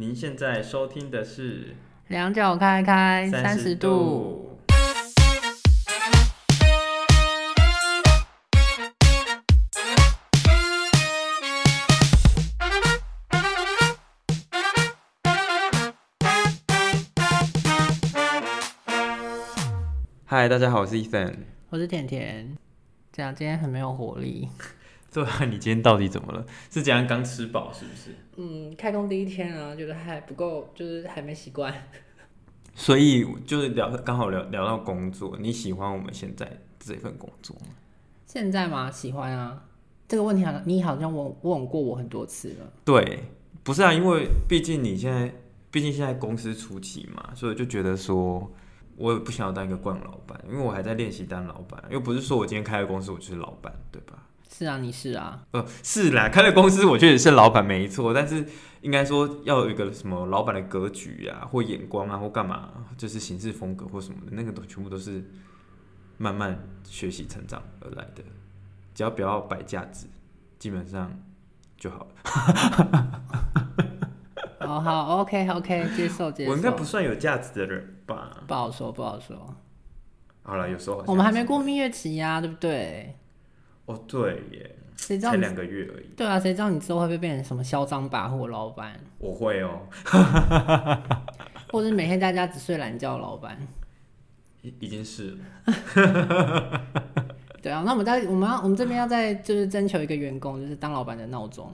您現在收聽的是兩腳開開三十度。嗨，大家好，我是 Ethan，我是甜甜，這樣今天很沒有活力。對啊，你今天到底怎麼了？是怎樣，剛吃飽是不是？嗯，開工第一天啊，覺得還不夠，就是還沒習慣。所以就是聊剛好聊聊到工作，你喜歡我們現在這份工作嗎？現在嗎？喜歡啊。這個問題好像你好像問問過我很多次了。對，不是啊，因為畢竟你現在畢竟現在公司初期嘛，所以就覺得說我也不想要當一個慣老闆，因為我還在練習當老闆，又不是說我今天開了公司我就是老闆，對吧？是啊，你是啊，呃，是啦，開了公司，我覺得也是老闆，沒錯。但是應該說要有一個什麼老闆的格局啊，或眼光啊，或幹嘛，就是行事風格或什麼的，那個都全部都是慢慢學習成長而來的。只要不要擺架子，基本上就好了。好好，OK OK，接受接受。我應該不算有價值的人吧？不好說，不好說。好了，有時候我們還沒過蜜月期呀，對不對？哦，oh, 對耶，才兩個月而已。而已對啊，誰知道你之後會不會變成什麼囂張跋扈老板？我會哦， 或者每天在家只睡懶覺的老板，已已經是。 對啊，那我們在我們要我們這邊要在就是徵求一個員工，就是當老板的鬧鐘。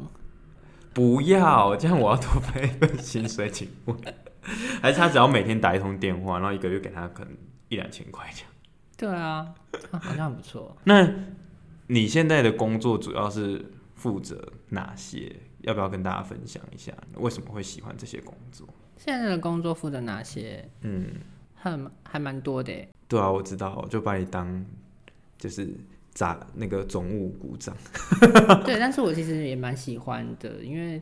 不要這樣，我要多發一份薪水，請問？還是他只要每天打一通電話，然後一個月給他可能一兩千塊這樣？對啊，啊，好像很不錯。 那你現在的工作主要是負責哪些？要不要跟大家分享一下？為什麼會喜歡這些工作？現在的工作負責哪些？嗯，很還蠻多的。對啊，我知道，我就把你當就是雜那個總務股長。 對，但是我其實也蠻喜歡的，因為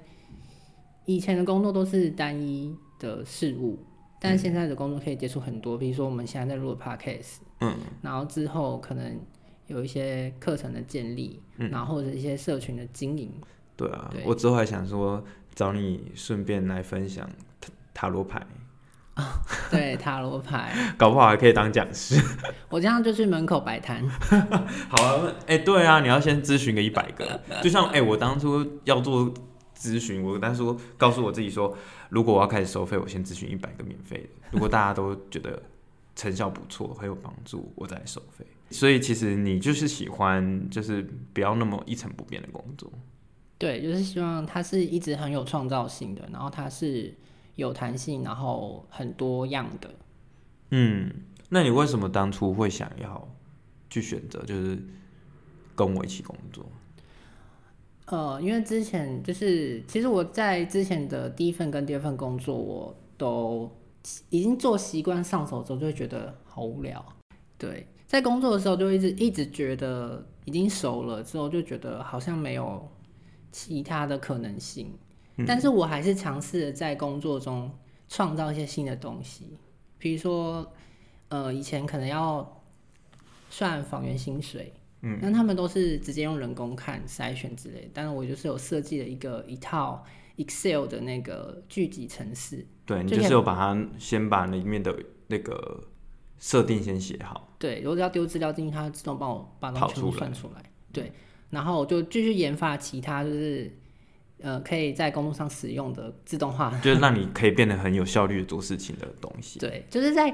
以前的工作都是單一的事物，但現在的工作可以接觸很多，嗯、比如說我們現在在錄的 podcast，嗯，然後之後可能。有一些課程的建立，然後或者一些社群的經營、嗯。對啊，對我之後還想說找你順便來分享塔羅牌。哦、對塔羅牌， 搞不好還可以當講師。我這樣就去門口擺攤。 好啊，哎、欸，對啊，你要先諮詢個一百個， 就像哎、欸，我當初要做諮詢，我當初告訴我自己說，如果我要開始收費，我先諮詢一百個免費的，如果大家都覺得成效不錯，很有幫助，我再來收費。所以其實你就是喜歡，就是不要那麼一成不變的工作。對，就是希望它是一直很有創造性的，然後它是有彈性，然後很多樣的。嗯，那你為什麼當初會想要去選擇，就是跟我一起工作？呃，因為之前就是，其實我在之前的第一份跟第二份工作，我都已經做習慣上手之後，就會覺得好無聊。對。在工作的時候，就一直一直覺得已經熟了之後，就覺得好像沒有其他的可能性。嗯、但是我還是嘗試在工作中創造一些新的東西，比如說，呃，以前可能要算房源薪水，嗯，那、嗯、他們都是直接用人工看篩選之類的，但是我就是有設計了一個一套 Excel 的那個巨集程式，對，就很你就是有把它先把裡面的那個。設定先寫好，對，如果要丟資料進去，它自動幫我把東西算出來，出來對，然後我就繼續研發其他，就是呃，可以在工作上使用的自動化，就是讓你可以變得很有效率的做事情的東西， 對，就是在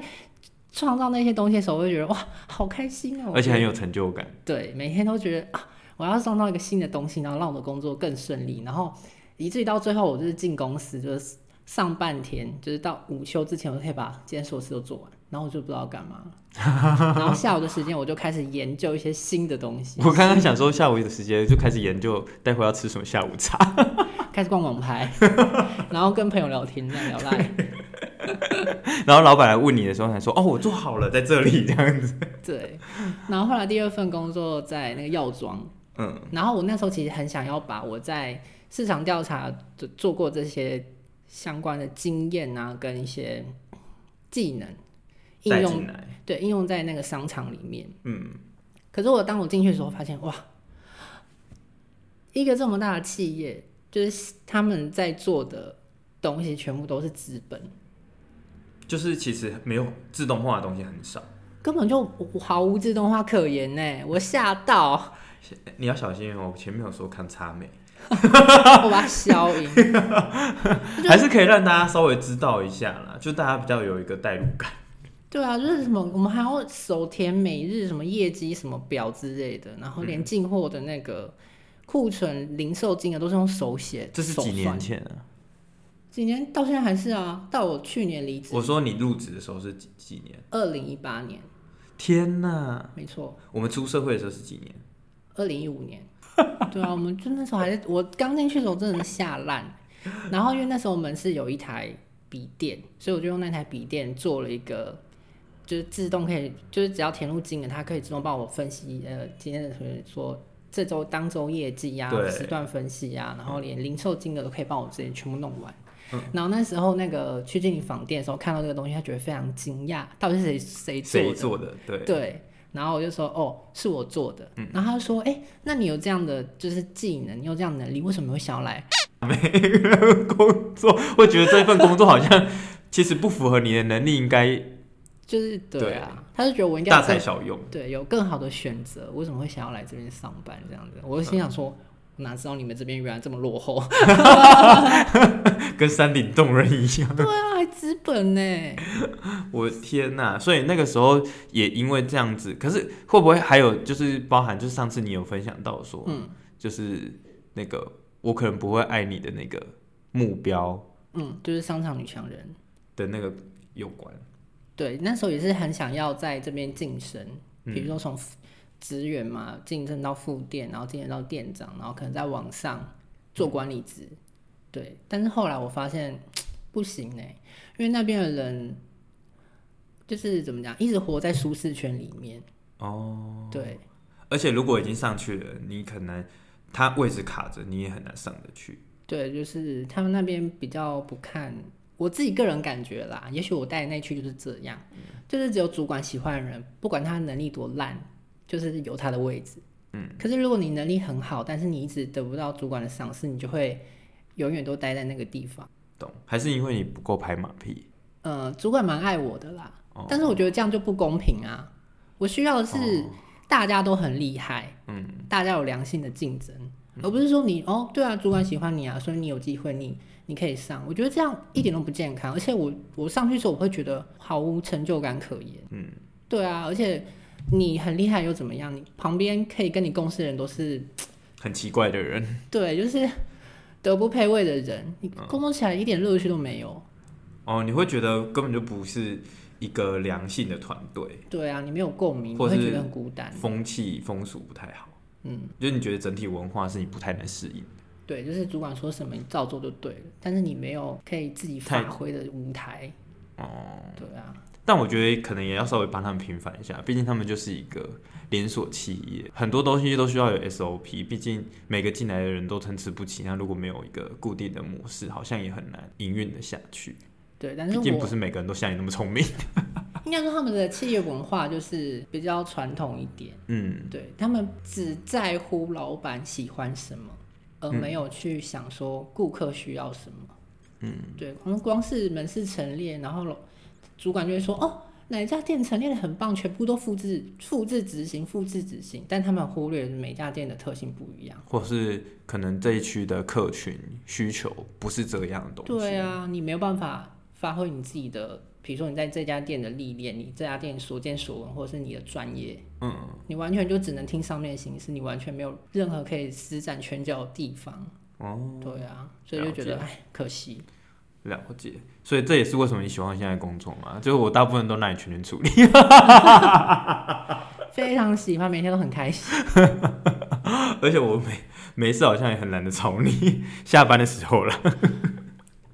創造那些東西的時候，我會覺得哇，好開心啊，而且很有成就感，對，每天都覺得啊，我要創造一個新的東西，然後讓我的工作更順利，然後以至於到最後，我就是進公司，就是上半天，就是到午休之前，我就可以把今天所有事都做完。然後我就不知道幹嘛。 然後下午的時間我就開始研究一些新的東西。我剛剛想說，下午的時間就開始研究，待會要吃什麼下午茶？ 開始逛網拍， 然後跟朋友聊天，這樣聊賴。對 然後老闆來問你的時候還說：“哦，我做好了，在這裡這樣子。”對。然後後來第二份工作在那個藥妝，嗯。然後我那時候其實很想要把我在市場調查做做過這些相關的經驗啊，跟一些技能。應用對，應用在那個商場裡面，嗯，可是我當我進去的時候，發現、嗯、哇，一個這麼大的企業，就是他們在做的東西全部都是資本，就是其實沒有自動化的東西很少，根本就毫無自動化可言呢、欸！我嚇到、欸，你要小心哦、喔！前面有說看差沒， 我把它消音。 就還是可以讓大家稍微知道一下啦，就大家比較有一個代入感。對啊，就是什麼，我們還要手填每日什麼業績什麼表之類的，然後連進貨的那個庫存、零售金額都是用手寫。這是幾年前啊？幾年到現在還是啊？到我去年離職。我說你入職的時候是幾幾年？二零一八年。天哪！沒錯，我們出社會的時候是幾年？二零一五年。 對啊，我們就那時候還是我剛進去的時候，真的是下爛。 然後因為那時候我們是有一台筆電，所以我就用那台筆電做了一個。就是自動可以，就是只要填入金額，他可以自動幫我分析。呃，今天的同學說這周當周業績呀、啊，對時段分析呀、啊，然後連零售金額都可以幫我自己全部弄完。嗯、然後那時候那個去進訪店的時候，看到這個東西，他覺得非常驚訝。到底是誰誰誰做的？對。對。然後我就說：“哦，是我做的。嗯”然後他就說：“哎、欸，那你有這樣的就是技能，你有這樣的能力，為什麼會想要來？沒有工作，會覺得這份工作好像其實不符合你的能力，應該。”就是對啊，對他就覺得我應該大材小用，對，有更好的選擇。我為什麼會想要來這邊上班這樣子？我就心想說，嗯、哪知道你們這邊原來這麼落後， 跟山頂洞人一樣。對啊，還資本呢！我天哪、啊！所以那個時候也因為這樣子，可是會不會還有就是包含？就是上次你有分享到說，嗯，就是那個我可能不會愛你的那個目標，嗯，就是商場女強人的那個有關。對，那時候也是很想要在這邊晉升，比如說，從職員嘛，嗯、晉升到副店，然後晉升到店長，然後可能再往上做管理職。嗯、對，但是後來我發現不行呢，因為那邊的人就是怎麼講，一直活在舒適圈裡面。哦，對，而且如果已經上去了，你可能他位置卡着，你也很難上得去。對，就是他們那邊比較不看。我自己個人感覺啦，也許我帶的那區就是這樣，嗯、就是只有主管喜歡的人，不管他能力多爛，就是有他的位置。嗯，可是如果你能力很好，但是你一直得不到主管的賞識，你就會永遠都待在那個地方。懂，還是因為你不夠拍馬屁、嗯？呃，主管蠻愛我的啦，但是我覺得這樣就不公平啊。哦、我需要的是大家都很厲害，嗯，大家有良性的競爭。而不是說你哦，對啊，主管喜歡你啊，所以你有機會你，你你可以上。我覺得這樣一點都不健康，嗯、而且我我上去之後，我會覺得毫無成就感可言。嗯，對啊，而且你很厲害又怎麼樣？你旁邊可以跟你共事的人都是很奇怪的人，對，就是德不配位的人，你工作起來一點樂趣都沒有，嗯。哦，你會覺得根本就不是一個良性的團隊。對啊，你沒有共鳴，你會覺得很孤單，風氣風俗不太好。嗯，就你覺得整體文化是你不太能適應的。對，就是主管說什麼你照做就對了，但是你沒有可以自己發揮的舞台。哦，嗯、對啊。但我覺得可能也要稍微幫他們平反一下，畢竟他們就是一個連鎖企業，很多東西都需要有 SOP，畢竟每個進來的人都參差不齊，那如果沒有一個固定的模式，好像也很難營運的下去。對，但是並不是每個人都像你那麼聰明。應該說他們的企業文化就是比較傳統一點。嗯，對，他們只在乎老闆喜歡什麼，而沒有去想說顧客需要什麼。嗯，對，可能光是門市陳列，然後主管就會說：“哦，哪家店陳列的很棒，全部都複製、複製執行、複製執行。”但他們忽略每家店的特性不一樣，或是可能這一區的客群需求不是這樣的東西。對啊，你沒有辦法。發揮你自己的，比如說你在這家店的歷練，你這家店所見所聞，或者是你的專業，嗯，你完全就只能聽上面的行事，你完全沒有任何可以施展拳腳的地方。哦、嗯，對啊，所以就覺得、嗯、唉，可惜。了解，所以這也是為什麼你喜歡現在的工作嘛？就是我大部分都讓你全權處理， 非常喜歡，每天都很開心。 而且我每每次好像也很懶得吵你，下班的時候了。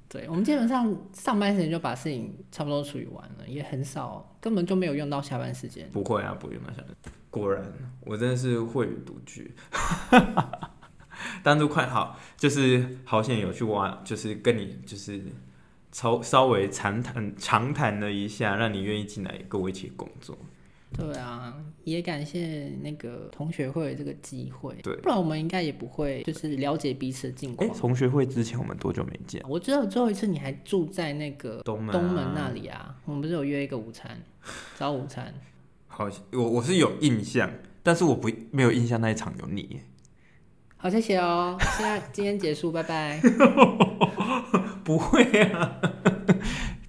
對，我們基本上上班時間就把事情差不多處理完了，也很少，根本就沒有用到下班時間。不會啊，不用到、啊、下班時間。果然，我真的是會獨居。當 初快好，就是好險有去玩，就是跟你就是稍稍微長談長談了一下，讓你願意進來跟我一起工作。對啊，也感謝那個同學會的這個機會，對，不然我們應該也不會就是了解彼此的近況。欸。同學會之前我們多久沒見？我知道最後一次你還住在那個東門那裡啊，啊我們不是有約一個午餐，早午餐。好，我我是有印象，但是我不沒有印象那一場有你。好，謝謝哦，現在 今天結束，拜拜。 不會啊。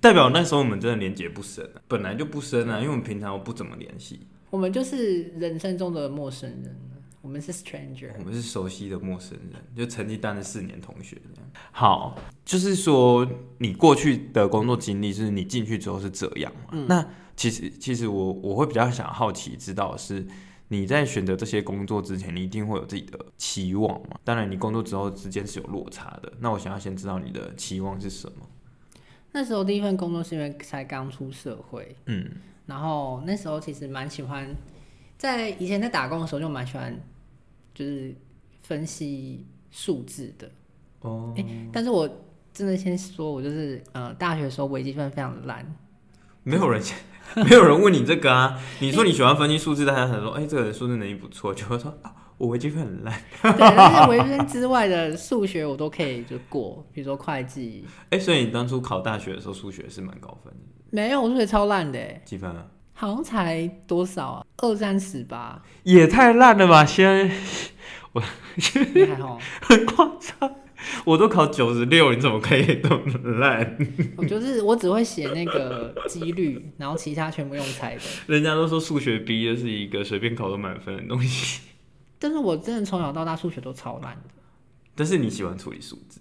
代表那時候我們真的連接不深。啊，本來就不深啊，因為我們平常又不怎麼聯繫。我們就是人生中的陌生人，我們是 stranger，我們是熟悉的陌生人，就成績單的曾經當了四年同學。嗯、好，就是說你過去的工作經歷就是你進去之後是這樣嘛？嗯、那其實其實我我會比較想好奇知道是你在選擇這些工作之前，你一定會有自己的期望嘛？當然，你工作之後之間是有落差的。那我想要先知道你的期望是什麼？那時候第一份工作是因為才剛出社會，嗯，然後那時候其實蠻喜歡，在以前在打工的時候就蠻喜歡，就是分析數字的哦。哎、欸，但是我真的先說，我就是呃，大學的時候微積分非常的爛，沒有人，嗯、沒有人問你這個啊。 你說你喜歡分析數字，大家可能說，哎、欸欸，這個人數字能力不錯，就會說。我微積分很爛， 對，但是微積分之外的數學我都可以就過，比如說會計。哎、欸，所以你當初考大學的時候，數學是蠻高分的？沒有，我數學超爛的。幾分啊？好像才多少啊？二三十吧？也太爛了吧！現在，我現在 還好，很誇張。我都考九十六，你怎麼可以都很爛？ 我就是我只會寫那個幾率，然後其他全部用猜的。人家都說數學乙是一個隨便考都滿分的東西。但是我真的從小到大數學都超爛的，但是你喜歡處理數字？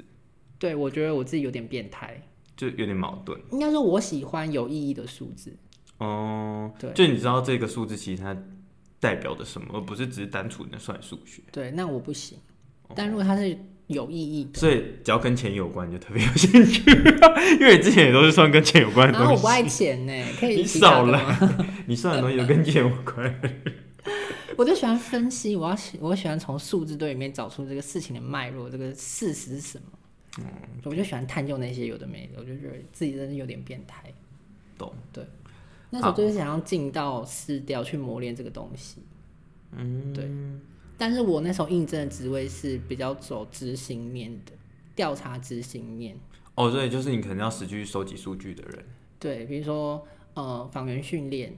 對，我覺得我自己有點變態，就有點矛盾。應該說我喜歡有意義的數字。哦，對，就你知道這個數字其實它代表的什麼，而不是只是單純的算數學。對，那我不行。哦、但如果它是有意義的，所以只要跟錢有關就特別有興趣， 因為你之前也都是算跟錢有關的東西。我不愛錢呢，可以你少了。 你算的東西有跟錢有關？嗯嗯 我就喜歡分析，我要我喜歡從數字堆裡面找出這個事情的脈絡，這個事實是什麼？嗯，okay. 我就喜歡探究那些有的沒的，我就覺得自己真的有點變態。懂，對。那時候就是想要進到市調去磨練這個東西。啊、對嗯，對。但是我那時候應徵的職位是比較走執行面的，調查執行面。哦，對，就是你可能要實際去收集數據的人。對，比如說呃訪員訓練，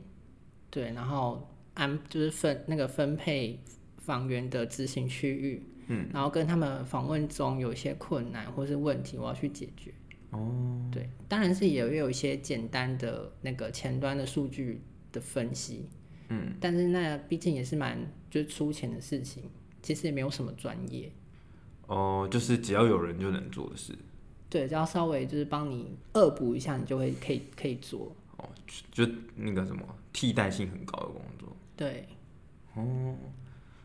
對，然後。安就是分那個分配房源的執行區域，嗯，然後跟他們訪問中有一些困難或是問題，我要去解決。哦，對，當然是也有有一些簡單的那個前端的數據的分析，嗯，但是那畢竟也是蠻就是出錢的事情，其實也沒有什麼專業。哦，就是只要有人就能做的事，嗯。對，只要稍微就是幫你惡補一下，你就會可以可以做。哦，就那個什麼替代性很高的工作。對，哦，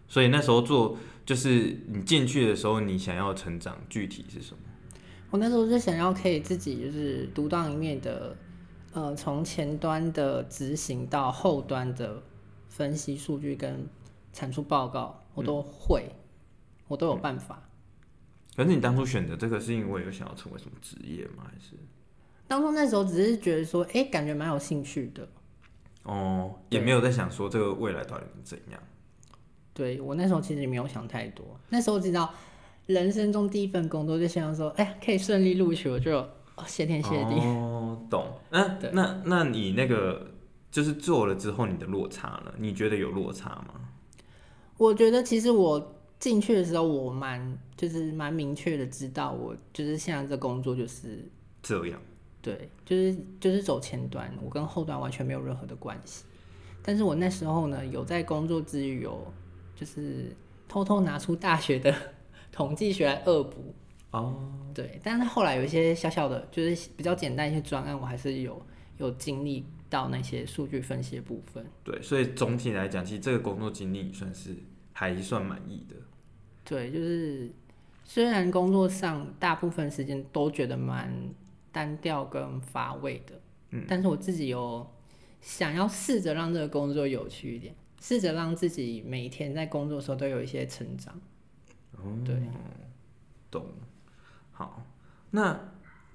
所以那時候做就是你進去的時候，你想要成長具體是什麼？我那時候就想要可以自己就是獨當一面的，呃，從前端的執行到後端的分析數據跟產出報告，我都會，嗯、我都有辦法、嗯。可是你當初選擇這個是因為有想要成為什麼職業嗎？還是、嗯、當初那時候只是覺得說，誒，感覺蠻有興趣的。哦，也沒有在想說這個未來到底怎樣。對，我那時候其實也沒有想太多，那時候知道人生中第一份工作就想要說，哎，可以順利錄取我就、哦、謝天謝地。哦，懂。嗯、啊，對那那你那個就是做了之後你的落差呢，你覺得有落差嗎？我覺得其實我進去的時候我蠻就是蠻明確的知道我，我就是現在這工作就是這樣。對，就是就是走前端，我跟後端完全沒有任何的關係。但是我那時候呢，有在工作之餘，哦，有就是偷偷拿出大學的統計學來惡補哦。Oh. 對，但是後來有一些小小的就是比較簡單一些專案，我還是有有經歷到那些數據分析的部分。對，所以總體來講，其實這個工作經歷算是還算滿意的。對，就是雖然工作上大部分時間都覺得蠻。單調跟乏味的，嗯，但是我自己有想要試着讓這個工作有趣一點，試着讓自己每一天在工作的時候都有一些成長。哦、嗯，對，懂。好，那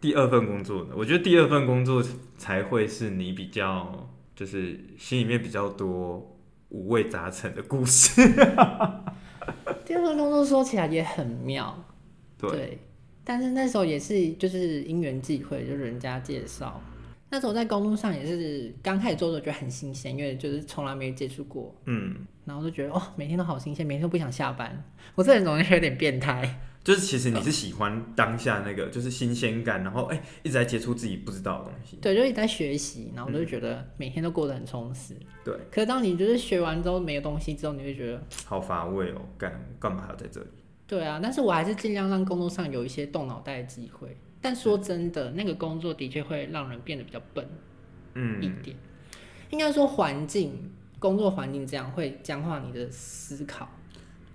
第二份工作呢？我覺得第二份工作才會是你比較就是心裡面比較多五味雜陳的故事。 第二份工作說起來也很妙，對。對但是那時候也是就是因緣際會，就是人家介紹。那時候在公路上也是剛開始做的，覺得很新鮮，因為就是從來沒接觸過，嗯，然後就覺得哦，每天都好新鮮，每天都不想下班。我這人總是有點變態，就是其實你是喜歡當下那個，就是新鮮感，嗯、然後哎、欸，一直在接觸自己不知道的東西。對，就一直在學習，然後就覺得每天都過得很充實。嗯、對。可是當你就是學完之後沒有東西之後，你會覺得好乏味哦，幹幹嘛要在這裡？對啊，但是我還是盡量讓工作上有一些動腦袋的機會。但說真的，嗯、那個工作的確會讓人變得比較笨，嗯，一點。嗯、應該說環境，工作環境這樣會僵化你的思考。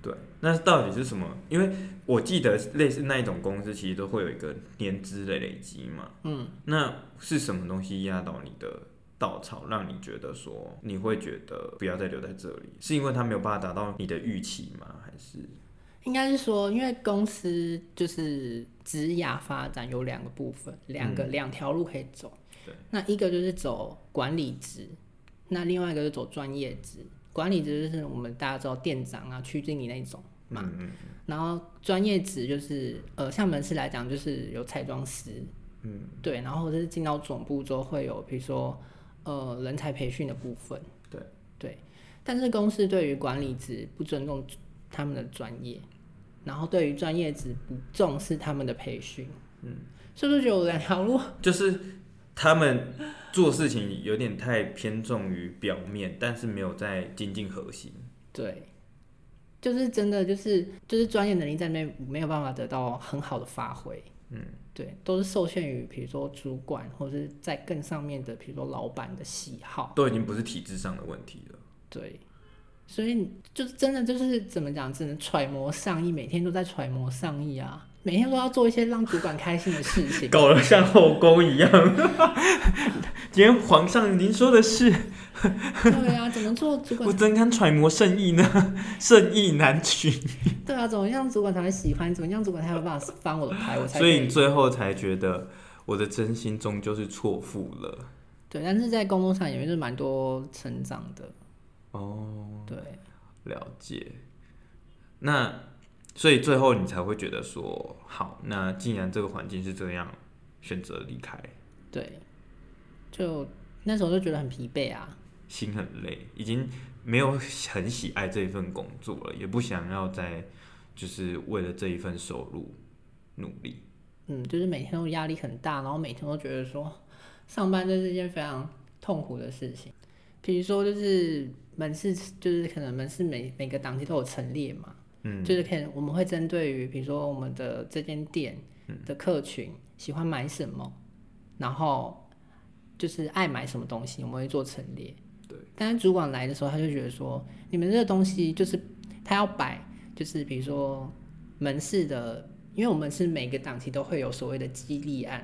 對，那到底是什麼？因為我記得類似那一種公司，其實都會有一個年資的累積嘛。嗯，那是什麼東西壓倒你的稻草，讓你覺得說你會覺得不要再留在這裡？是因為他沒有辦法達到你的預期嗎？還是？應該是說，因為公司就是職涯發展有兩個部分，兩個兩條、嗯、路可以走。對那一個就是走管理職，那另外一個就是走專業職。管理職就是我們大家都知道店長啊、區經理那種嘛。嗯，嗯，嗯。然後專業職就是呃，像門市來講就是有彩妝師，嗯，對。然後就是進到總部之後會有，比如說呃，人才培訓的部分。對對。但是公司對於管理職不尊重他們的專業。然後對於專業只不重視他們的培訓，嗯，是不是就有兩條路？就是他們做事情有點太偏重於表面， 但是沒有在精進核心。對，就是真的就是就是專業能力在內，沒有辦法得到很好的發揮。嗯，對，都是受限於比如說主管或者是在更上面的比如說老闆的喜好，都已經不是體制上的問題了。對。所以你就是真的就是怎麼講，只能揣摩上意，每天都在揣摩上意啊，每天都要做一些讓主管開心的事情， 搞得像後宮一樣。 今天皇上，您說的是？ 對啊，怎麼做主管？我怎敢揣摩聖意呢？聖意難取 。對啊，怎麼樣主管才會喜歡？怎麼樣主管才有辦法翻我的牌？我才 所以你最後才覺得我的真心終究是錯付了。對，但是在工作上裡面就蠻多成長的。哦，oh, 對，了解。那所以最後你才會覺得說，好，那既然這個環境是這樣，選擇離開。對，就那時候就覺得很疲憊啊，心很累，已經沒有很喜愛這一份工作了，也不想要再就是為了這一份收入努力。嗯，就是每天都壓力很大，然後每天都覺得說，上班這是一件非常痛苦的事情。比如說，就是門市，就是可能門市每每個檔期都有陳列嘛，嗯，就是可能我們會針對於比如說我們的這間店的客群喜歡買什麼，嗯，然後就是愛買什麼東西，我們會做陳列。對，但是主管來的時候，他就覺得說，你們這個東西就是他要擺，就是比如說門市的，嗯。因為我們是每個檔期都會有所謂的激勵案。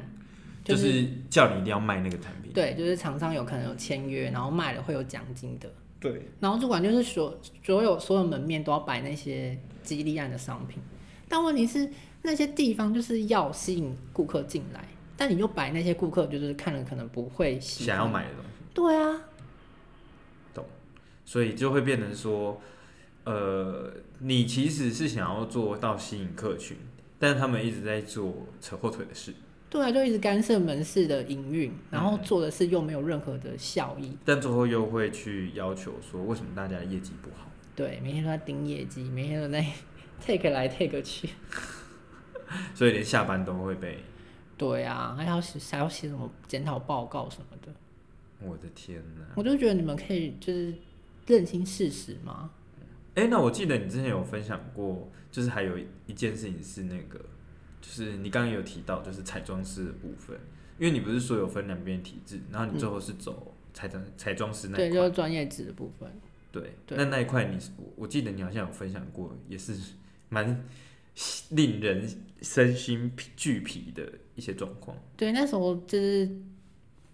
就是、就是叫你一定要賣那個產品，對，就是廠商有可能有簽約，然後賣了會有獎金的。對，然後主管就是所有所有所有門面都要擺那些激勵案的商品，但問題是那些地方就是要吸引顧客進來，但你就擺那些顧客就是看了可能不會想要買的東西。對啊，懂，所以就會變成說，呃，你其實是想要做到吸引客群，但他們一直在做扯後腿的事。對啊，就一直干涉門市的營運，然後做的事又沒有任何的效益，嗯、但最後又會去要求說，為什麼大家的業績不好？對，每天都在盯業績，每天都在 take 來、like, take 去， 所以連下班都會被。對啊，還要寫還要寫什麼檢討報告什麼的。我的天哪！我就覺得你們可以就是認清事實嘛。哎、嗯，那我記得你之前有分享過，就是還有一件事情是那個。就是你剛剛有提到，就是彩妝師的部分，因為你不是說有分兩邊體質，然後你最後是走彩妝彩妝師那、嗯、對，就是專業職的部分。對，對那那一塊你是，我我記得你好像有分享過，也是蠻令人身心俱疲的一些狀況。對，那時候就是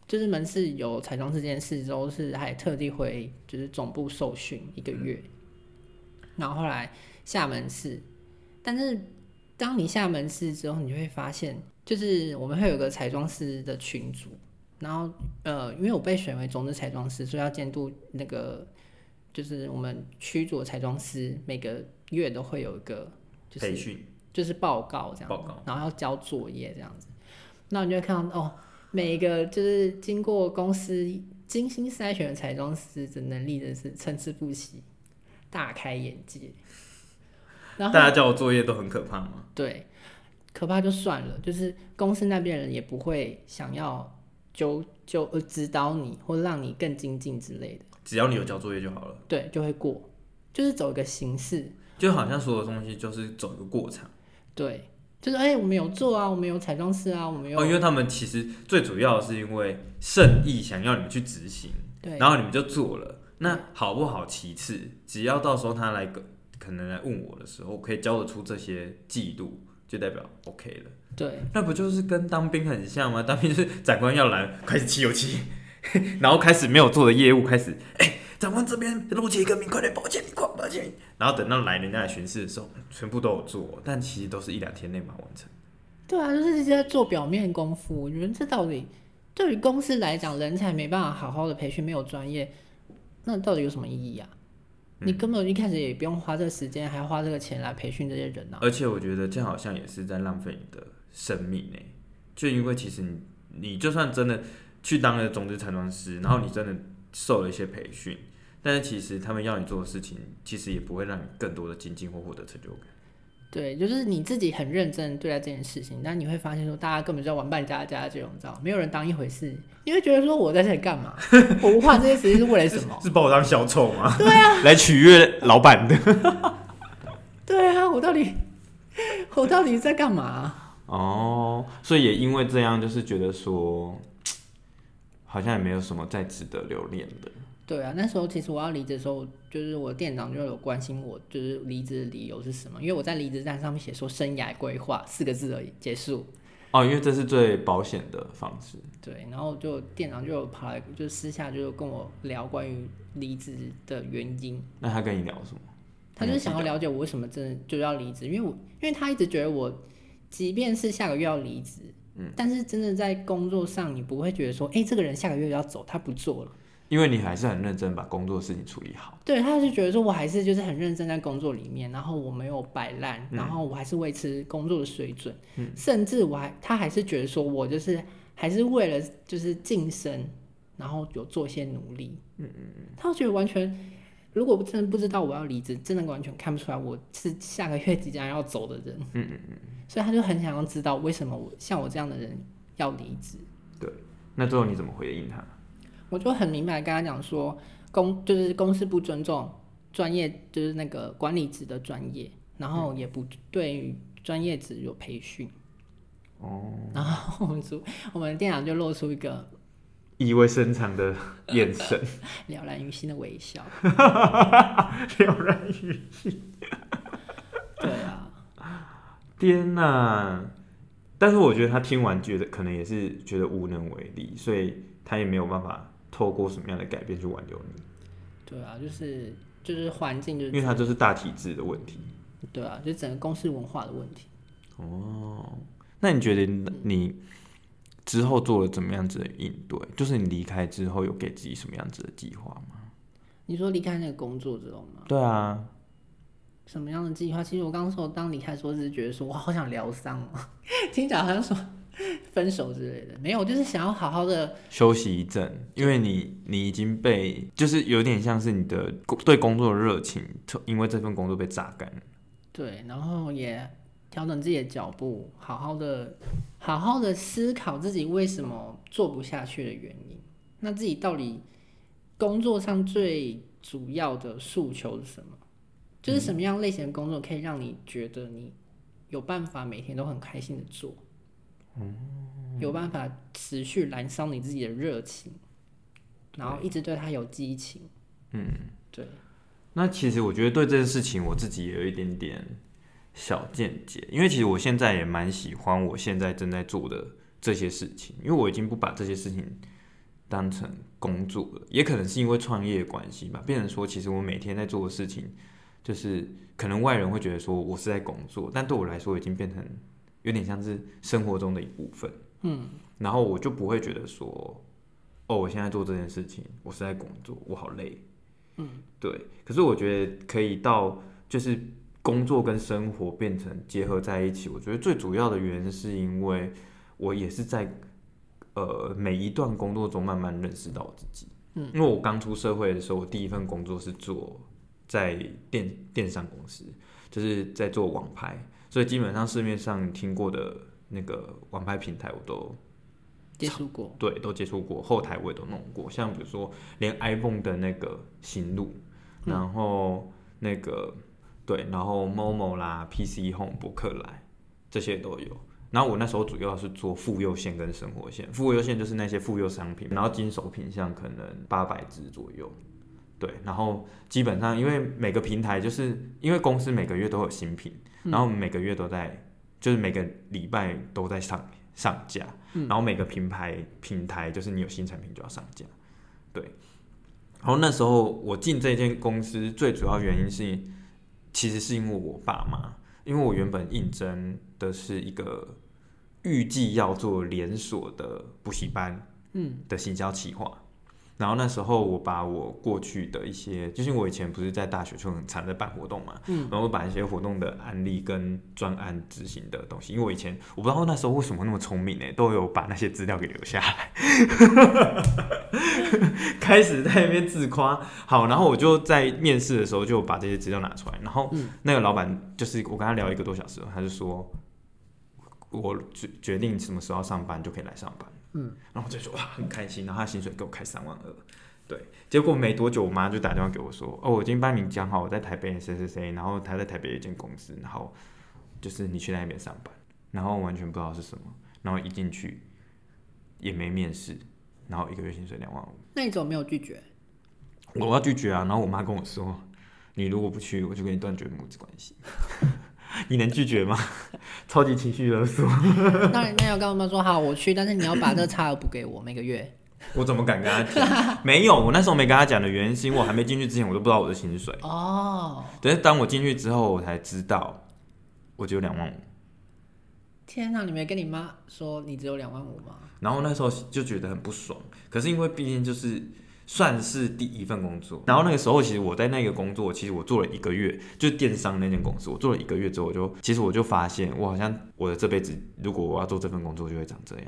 就是門市有彩妝這件事，之後是還特地回就是總部受訓一個月，嗯、然後後來廈門市，但是。當你下門市之後，你就會發現，就是我們會有個彩妝師的群組，然後呃，因為我被選為總的彩妝師，所以要監督那個，就是我們區組彩妝師每個月都會有一個、就是、培訓，就是報告這樣，報告，然後要交作業這樣子，那你就會看到哦，每一個就是經過公司精心篩選的彩妝師的能力真是參差不齊，大開眼界。大家交我作業都很可怕嗎？對，可怕就算了，就是公司那邊人也不會想要就就呃指導你或讓你更精進之類的。只要你有交作業就好了，對，就會過，就是走一個形式，就好像所有東西就是走一個過場。對，就是哎、欸，我們有做啊，我們有彩妝師啊，我們有、哦，因為他們其實最主要是因為聖意想要你們去執行，對，然後你們就做了，那好不好？其次，只要到時候他來個。可能來問我的時候，可以交得出這些紀錄，就代表 OK 了。對，那不就是跟當兵很像嗎？當兵就是長官要來開始漆油漆，然後開始沒有做的業務，開始哎，長、欸、官這邊錄起一個名，快點報進你，快報進，然後等到來人家來巡視的時候，全部都有做，但其實都是一兩天內嘛完成。對啊，就是這些做表面功夫。我覺得這到底對於公司來講，人才沒辦法好好的培訓，沒有專業，那到底有什麼意義啊？你根本一開始也不用花這個時間，還要花這個錢來培訓這些人呢、啊嗯。而且我覺得這好像也是在浪費你的生命呢。就因為其實你你就算真的去當了種植彩妝師，然後你真的受了一些培訓，嗯、但是其實他們要你做的事情，其實也不會讓你更多的精進或獲得成就感。對，就是你自己很認真對待這件事情，但你會發現說，大家根本就在玩扮家家這種，沒有人當一回事。你會覺得說，我在這裡幹嘛？ 我畫這些事情是為了什麼 是？是把我當小丑嗎？對啊， 來取悅老板的。 對啊，我到底我到底在幹嘛？哦，oh, 所以也因為這樣，就是覺得說，好像也沒有什麼再值得留戀的。對啊，那時候其實我要離職的時候，就是我店長就有關心我，就是離職的理由是什麼？因為我在離職單上面寫說“生涯規劃”四個字而已，結束。哦，因為這是最保險的方式。對，然後就店長就有跑來，就私下就跟我聊關於離職的原因。那他跟你聊什麼？他就是想要了解我為什麼真的就要離職，因為我因為他一直覺得我，即便是下個月要離職，嗯，但是真的在工作上，你不會覺得說，哎、欸，這個人下個月要走，他不做了。因為你還是很認真把工作事情處理好，對，他是覺得說我還是就是很認真在工作裡面，然後我沒有擺爛，然後我還是維持工作的水準，嗯，甚至我還他還是覺得說我就是還是為了就是晉升，然後有做一些努力，嗯嗯嗯，他覺得完全如果真的不知道我要離職，真的完全看不出來我是下個月即將要走的人，嗯嗯嗯，所以他就很想要知道為什麼我像我這樣的人要離職，對，那最後你怎麼回應他？我就很明白跟他講說，公就是公司不尊重專業，就是那個管理職的專業，然後也不對專業職有培訓。哦、嗯。然後我們主我們店長就露出一個意味深長的眼神，呃、了然於心的微笑。 了然於心。對啊。天哪、啊！但是我覺得他聽完，覺得可能也是覺得無能為力，所以他也沒有辦法。透過什麼樣的改變去挽留你？對啊，就是就是環境就是的，就因為它就是大體制的問題。對啊，就是整個公司文化的問題。哦，那你覺得你之後做了怎麼樣子的應對？就是你離開之後有給自己什麼樣子的計劃嗎？你說離開那個工作，知道嗎？對啊，什麼樣的計劃？其實我剛剛說，當離開的時候，只是覺得說我好想療傷哦。 聽起來好像說。 分手之類的沒有，就是想要好好的休息一陣，對因為你你已經被就是有點像是你的對工作的熱情，因為這份工作被榨乾了。對，然後也調整自己的腳步，好好的好好的思考自己為什麼做不下去的原因。那自己到底工作上最主要的訴求是什麼？就是什麼樣類型的工作可以讓你覺得你有辦法每天都很開心的做？嗯有辦法持續燃燒你自己的熱情，對然後一直對他有激情。嗯，對。那其實我覺得對這件事情，我自己也有一點點小見解。因為其實我現在也蠻喜歡我現在正在做的這些事情，因為我已經不把這些事情當成工作了。也可能是因為創業關係吧，變成說，其實我每天在做的事情，就是可能外人會覺得說我是在工作，但對我來說已經變成。有點像是生活中的一部分，嗯，然後我就不會覺得說，哦，我現在做這件事情，我是在工作，我好累，嗯，對。可是我覺得可以到，就是工作跟生活變成結合在一起。嗯、我覺得最主要的原因是因為我也是在呃，每一段工作中慢慢認識到我自己。嗯，因為我剛出社會的時候，我第一份工作是做在電、嗯、電商公司，就是在做網拍。所以基本上市面上聽過的那個網拍平台我都接觸過，對，都接觸過，後台我也都弄過。像比如說，連 iPhone 的那個行路，嗯、然後那個對，然後 Momo 啦、PC Home、博客來這些都有。然後我那時候主要是做婦幼線跟生活線，婦幼線就是那些婦幼商品，然後金手品像可能八百支左右。對，然後基本上，因為每個平台就是，因為公司每個月都有新品，嗯、然後每個月都在，就是每個禮拜都在上上架，嗯、然後每個品牌平台就是你有新產品就要上架，對。然後那時候我進這間公司最主要原因是，是、嗯、其實是因為我爸媽，因為我原本應徵的是一個預計要做連鎖的補習班，嗯，的行銷企劃。嗯然後那時候，我把我過去的一些，就是我以前不是在大學就很常在辦活動嘛，嗯，然後我把一些活動的案例跟專案執行的東西，因為我以前我不知道那時候為什麼那麼聰明誒，都有把那些資料給留下來， 開始在那邊自誇。好，然後我就在面試的時候就把這些資料拿出來，然後那個老闆就是我跟他聊一個多小時，他就說，我決決定什麼時候上班就可以來上班。嗯，然後我就說哇很開心，然後他的薪水給我開三萬二，對，結果沒多久我媽就打電話給我說，哦，我已經幫你講好，我在台北誰誰誰，然後他在台北一間公司，然後就是你去那邊上班，然後完全不知道是什麼，然後一進去也沒面試，然後一個月薪水兩萬五，那你怎麼沒有拒絕？我要拒絕啊，然後我媽跟我說，你如果不去，我就跟你斷絕母子關係。 你能拒絕嗎？超級情緒勒索。那那要跟我媽說好，我去，但是你要把這個差額補給我每個月。我怎麼敢跟他講？ 沒有，我那時候沒跟他講的原因，是因為我還沒進去之前，我都不知道我的薪水。哦。但是當我進去之後，我才知道，我只有兩萬五。天哪！你沒跟你媽說你只有兩萬五嗎？然後那時候就覺得很不爽。可是因為畢竟就是。算是第一份工作，然後那個時候，其實我在那個工作，其實我做了一個月，就電商那間公司，我做了一個月之後，我就其實我就發現，我好像我的這輩子，如果我要做這份工作，就會長這樣，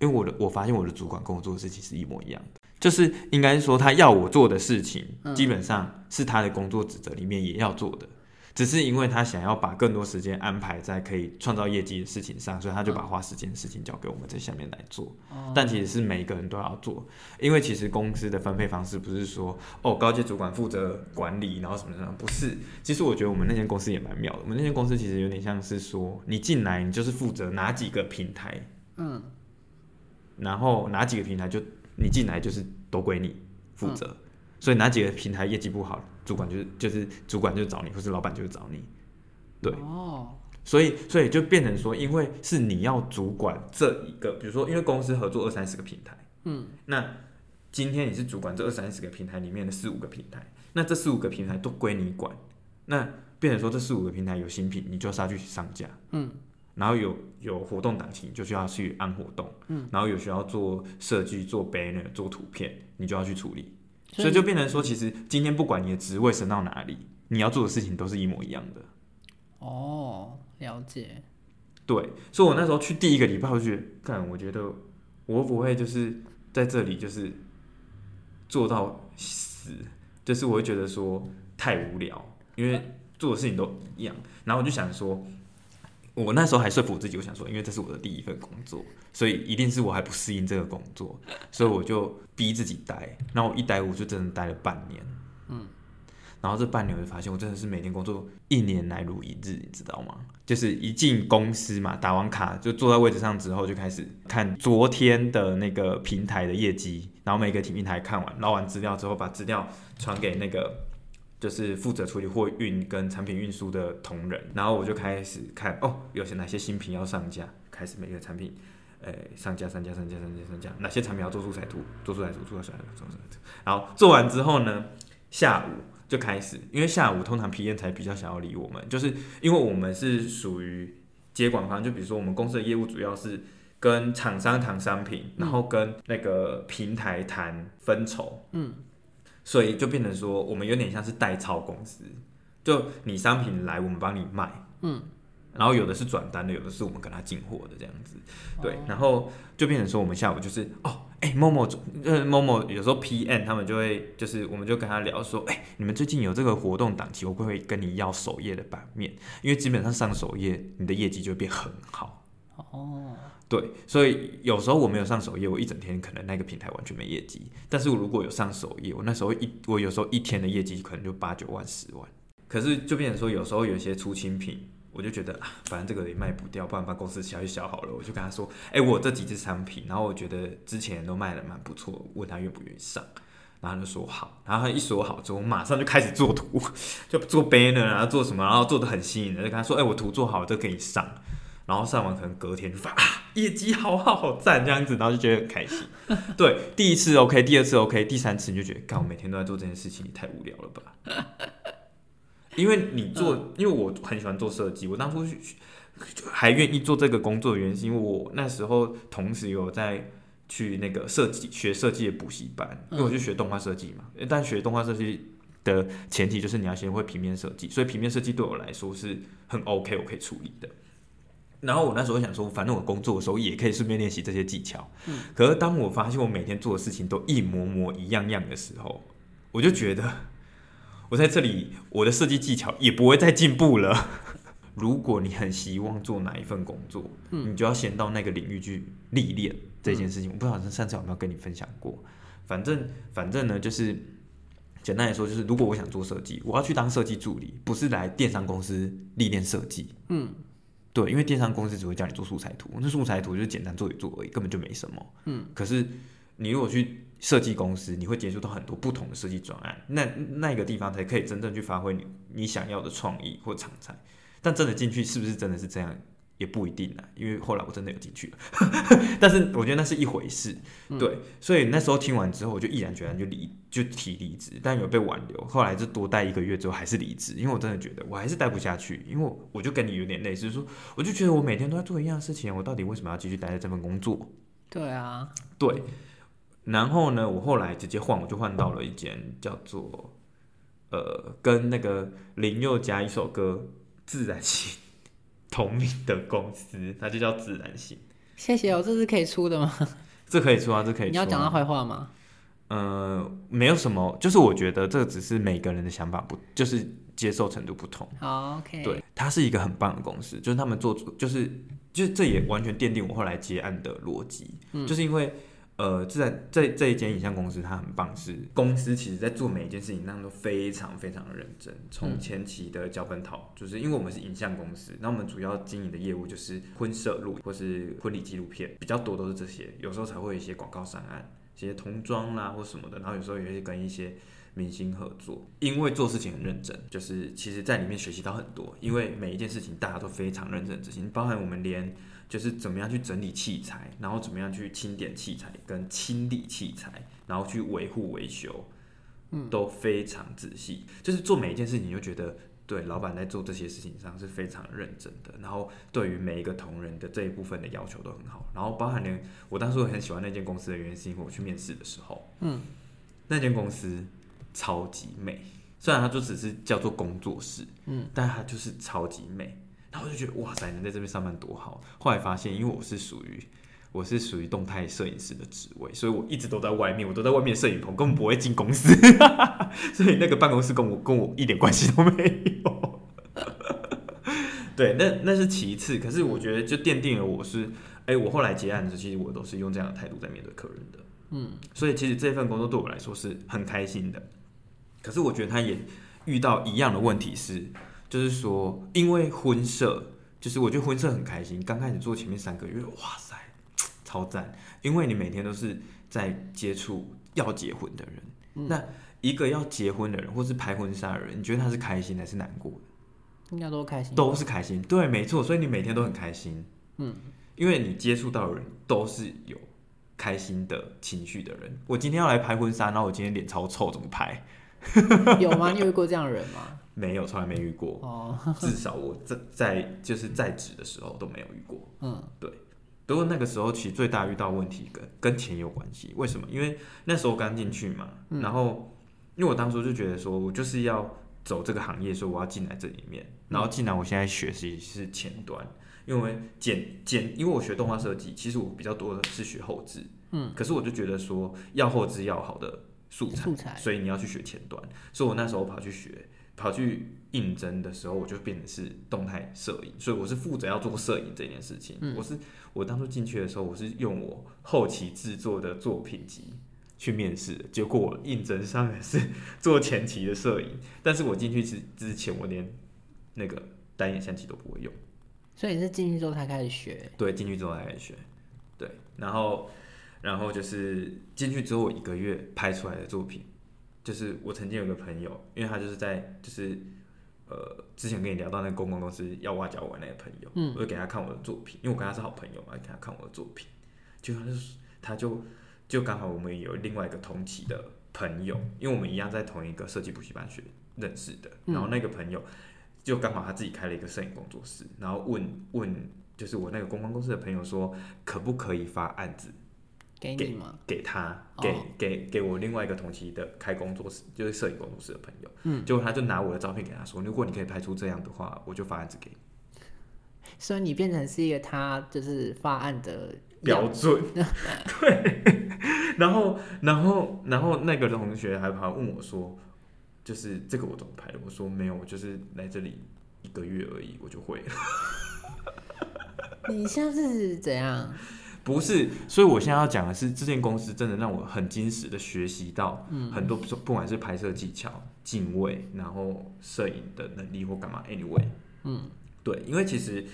因為我的我發現我的主管跟我做的事情是一模一樣的，就是應該說他要我做的事情，基本上是他的工作職責裡面也要做的。嗯只是因為他想要把更多時間安排在可以創造業績的事情上，所以他就把花時間的事情交給我們在下面來做。嗯、但其實是每一個人都要做，因為其實公司的分配方式不是說哦，高級主管負責管理，然後什麼什麼，不是。其實我覺得我們那間公司也蠻妙的，我們那間公司其實有點像是說，你進來你就是負責哪幾個平台，嗯，然後哪幾個平台就你進來就是都歸你負責。嗯所以哪幾個平台業績不好，主管就是就是主管就找你，或是老闆就找你，對。哦。所以所以就變成說，因為是你要主管這一個，比如說，因為公司合作二三十個平台，嗯，那今天你是主管這二三十個平台裡面的四五個平台，那這四五個平台都歸你管，那變成說這四五個平台有新品，你就是要去上架，嗯，然後有有活動檔期，你就需要去按活動，嗯，然後有需要做設計、做 banner、做圖片，你就要去處理。所以就變成說，其實今天不管你的職位升到哪裡，你要做的事情都是一模一樣的。哦，了解。對，所以我那時候去第一個禮拜我就覺得，幹，我覺得我不會就是在這裡就是做到死，就是我會覺得說太無聊，因為做的事情都一樣。欸、然後我就想說。我那時候還說服我自己，我想說，因為這是我的第一份工作，所以一定是我還不適應這個工作，所以我就逼自己待。然後我一待，我就真的待了半年。嗯，然後這半年我就發現，我真的是每天工作一年來如一日，你知道嗎？就是一進公司嘛，打完卡就坐在位置上之後，就開始看昨天的那個平台的業績，然後每個平台看完，撈完資料之後，把資料傳給那個。就是負責處理貨運跟產品運輸的同仁，然後我就開始看哦，有些哪些新品要上架，開始每個產品，誒、欸、上架上架上架上架上架上架，哪些產品要做素材圖，做素材圖做素材圖做出做出做出，然後做完之後呢，下午就開始，因為下午通常 P N 才比較想要理我們，就是因為我們是屬於接管方，就比如說我們公司的業務主要是跟廠商談商品，然後跟那個平台談分酬，嗯。嗯所以就變成說，我們有點像是代操公司，就你商品來，我們幫你賣，嗯，然後有的是轉單的，有的是我們跟他進貨的這樣子，哦、對，然後就變成說，我們下午就是哦，哎、欸，Momo，呃，Momo、有時候 PM 他們就會就是，我們就跟他聊說，哎、欸，你們最近有這個活動檔期，我不會跟你要首頁的版面，因為基本上上首頁，你的業績就會變很好，哦。對，所以有時候我沒有上首頁，我一整天可能那個平台完全沒業績。但是我如果有上首頁，我那時候一我有時候一天的業績可能就八九萬、十萬。可是就變成說，有時候有一些出清品，我就覺得啊，反正這個也賣不掉，不然把公司消就消好了。我就跟他說：“哎、欸，我這幾隻產品，然後我覺得之前都賣的蠻不錯，問他願不願意上。”然後他就說好。然後他一說好之後，就我馬上就開始做圖，就做 banner 啊，然後做什麼，然後做得很新的很吸引人，就跟他說：“哎、欸，我圖做好了，這個、可以上。”然後上完可能隔天發業績、啊、好，好好讚這樣子，然後就覺得很開心。對，第一次 OK，第二次 OK，第三次你就覺得，靠，我每天都在做這件事情，你太無聊了吧？因為你做，因為我很喜歡做設計。我當初還願意做這個工作，原因是、嗯、因為我那時候同時有在去那個設計學設計的補習班，因為我就學動畫設計嘛。嗯、但學動畫設計的前提就是你要先會平面設計，所以平面設計對我來說是很 OK，我可以處理的。然後我那時候想說，反正我工作的時候也可以順便練習這些技巧。嗯。可是當我發現我每天做的事情都一模模、一樣樣的時候，我就覺得我在這裡，我的設計技巧也不會再進步了。 如果你很希望做哪一份工作，嗯。你就要先到那個領域去歷練這件事情。嗯。我不知道上次有沒有跟你分享過。反正反正呢，就是簡單來說，就是如果我想做設計，我要去當設計助理，不是來電商公司歷練設計。嗯。對，因為電商公司只會叫你做素材圖，那素材圖就是簡單做一做而已，根本就沒什麼。嗯，可是你如果去設計公司，你會接觸到很多不同的設計專案，那那一個地方才可以真正去發揮你你想要的創意或長才。但真的進去，是不是真的是這樣？也不一定啊，因為後來我真的有進去了， 但是我覺得那是一回事，嗯、對，所以那時候聽完之後，我就毅然決然就離就提離職，但有被挽留，後來就多待一個月之後還是離職，因為我真的覺得我還是待不下去，因為我就跟你有點類似說，說我就覺得我每天都在做一樣的事情，我到底為什麼要繼續待在這份工作？對啊，對，然後呢，我後來直接換，我就換到了一間叫做呃，跟那個林宥嘉一首歌《自然情》。同名的公司，它就叫自然型。謝謝，我這是可以出的嗎？ 這可以出啊，這可以出、啊。你要講他壞話嗎？嗯、呃，沒有什麼，就是我覺得這只是每個人的想法不，就是接受程度不同。Oh, OK，對，它是一個很棒的公司，就是他們做主，就是就是這也完全奠定我後來接案的邏輯，嗯、就是因為。呃，自然，這這一間影像公司，它很棒，是公司其實在做每一件事情，那都非常非常的認真。從前期的腳本討，嗯、就是因為我們是影像公司，那我們主要經營的業務就是婚攝錄或是婚禮紀錄片，比較多都是這些，有時候才會有一些廣告上案，一些童裝啦、啊、或什麼的，然後有時候也會跟一些。明星合作，因為做事情很認真，就是其實，在裡面學習到很多，因為每一件事情大家都非常認真執行，包含我們連就是怎麼樣去整理器材，然後怎麼樣去清點器材、跟清理器材，然後去維護維修，都非常仔細，嗯、就是做每一件事情就覺得對老闆在做這些事情上是非常認真的，然後對於每一個同仁的這一部分的要求都很好，然後包含連我當時很喜歡那間公司的原因，是因為我去面試的時候，嗯，那間公司。超級美，雖然它就只是叫做工作室，嗯，但它就是超級美。然後我就覺得哇塞，能在這邊上班多好。後來發現，因為我是屬於我是屬於動態攝影師的職位，所以我一直都在外面，我都在外面攝影棚，根本不會進公司， 所以那個辦公室跟我跟我一點關係都沒有。 對，那那是其次，可是我覺得就奠定了我是，欸，我後來結案的時候，其實我都是用這樣的態度在面對客人的，嗯，所以其實這份工作對我來說是很開心的。可是我覺得他也遇到一樣的問題，是就是說，因為婚攝。就是我覺得婚攝很開心。剛開始做前面三個月，哇塞，超讚！因為你每天都是在接觸要結婚的人。嗯、那一個要結婚的人，或是拍婚紗的人，你覺得他是開心還是難過？應該都開心。都是開心，對，沒錯。所以你每天都很開心，嗯，因為你接觸到的人都是有開心的情緒的人。我今天要來拍婚紗，然後我今天臉超臭，怎麼拍？ 有嗎？你遇過這樣的人嗎？沒有，從來沒遇過。哦、至少我在在就是在職的時候都沒有遇過。嗯，對。不過那個時候其實最大遇到問題跟跟錢有關係。為什麼？因為那時候剛進去嘛。嗯、然後因為我當初就覺得說，我就是要走這個行業，所以我要進來這裡面。然後進來，我現在學習是前端，嗯、因為剪剪因為我學動畫設計，其實我比較多的是學後製。嗯。可是我就覺得說，要後製要好的。素材，所以你要去學前端。素材。所以我那時候跑去學，跑去應徵的時候，我就變成是動態攝影。所以我是負責要做攝影這件事情。嗯、我是我當初進去的時候，我是用我後期製作的作品集去面試。結果我應徵上面是做前期的攝影，但是我進去之之前，我連那個單眼相機都不會用。所以是進去之後才開始學？對，進去之後才開始學。對，然後。然後就是進去之後一個月拍出來的作品，就是我曾經有個朋友，因為他就是在就是呃之前跟你聊到那個公關公司要挖角我那個朋友，嗯、我就給他看我的作品，因為我跟他是好朋友嘛，我給他看我的作品，就他就他就，就剛好我們有另外一個同期的朋友，因為我們一樣在同一個設計補習班學認識的，嗯、然後那個朋友就剛好他自己開了一個攝影工作室，然後問問就是我那個公關公司的朋友說可不可以發案子。給你嗎？給給他，給給、哦、給我另外一個同期的開工作室，就是攝影工作室的朋友。嗯，結果他就拿我的照片給他說：“如果你可以拍出這樣的話，我就發案子給你。”所以你變成是一個他就是發案的標準。 對 然，然後然後然後那個同學還跑問我說：“就是這個我怎麼拍的？”我說：“沒有，就是來這裡一個月而已，我就會了。 ”你像是怎樣？不是，所以我現在要講的是，這間公司真的讓我很精實的學習到很多，嗯、不管是拍攝技巧、鏡位，然後攝影的能力或幹嘛 anyway，嗯，對，因為其實，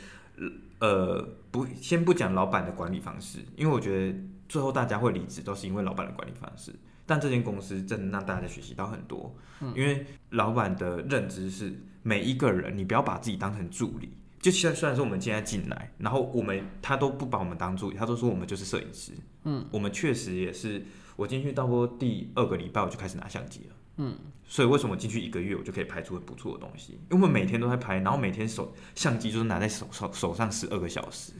呃，不，先不講老闆的管理方式，因為我覺得最後大家會離職都是因為老闆的管理方式，但這間公司真的讓大家學習到很多，嗯、因為老闆的認知是，每一個人你不要把自己當成助理。就現在，雖然說我們現在進來，然後我們他都不把我們當助理，他都說我們就是攝影師。嗯，我們確實也是。我進去到過第二個禮拜，我就開始拿相機了。嗯，所以為什麼進去一個月，我就可以拍出很不錯的東西？因為我們每天都在拍，然後每天手相機就是拿在手手手上十二個小時。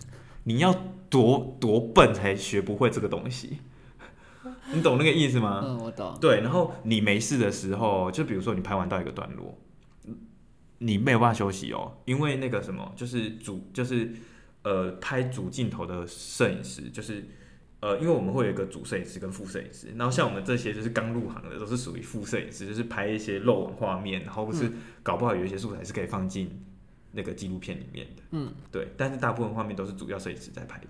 你要多多笨才學不會這個東西？ 你懂那個意思嗎？嗯，我懂。對，然後你沒事的時候，就比如說你拍完到一個段落。你沒有辦法休息哦，因為那個什麼，就是主，就是呃，拍主鏡頭的攝影師，就是呃，因為我們會有一個主攝影師跟副攝影師，然後像我們這些就是剛入行的，都是屬於副攝影師，就是拍一些漏網畫面，然後不是搞不好有一些素材是可以放進那個紀錄片裡面的，嗯，對。但是大部分畫面都是主要攝影師在拍的，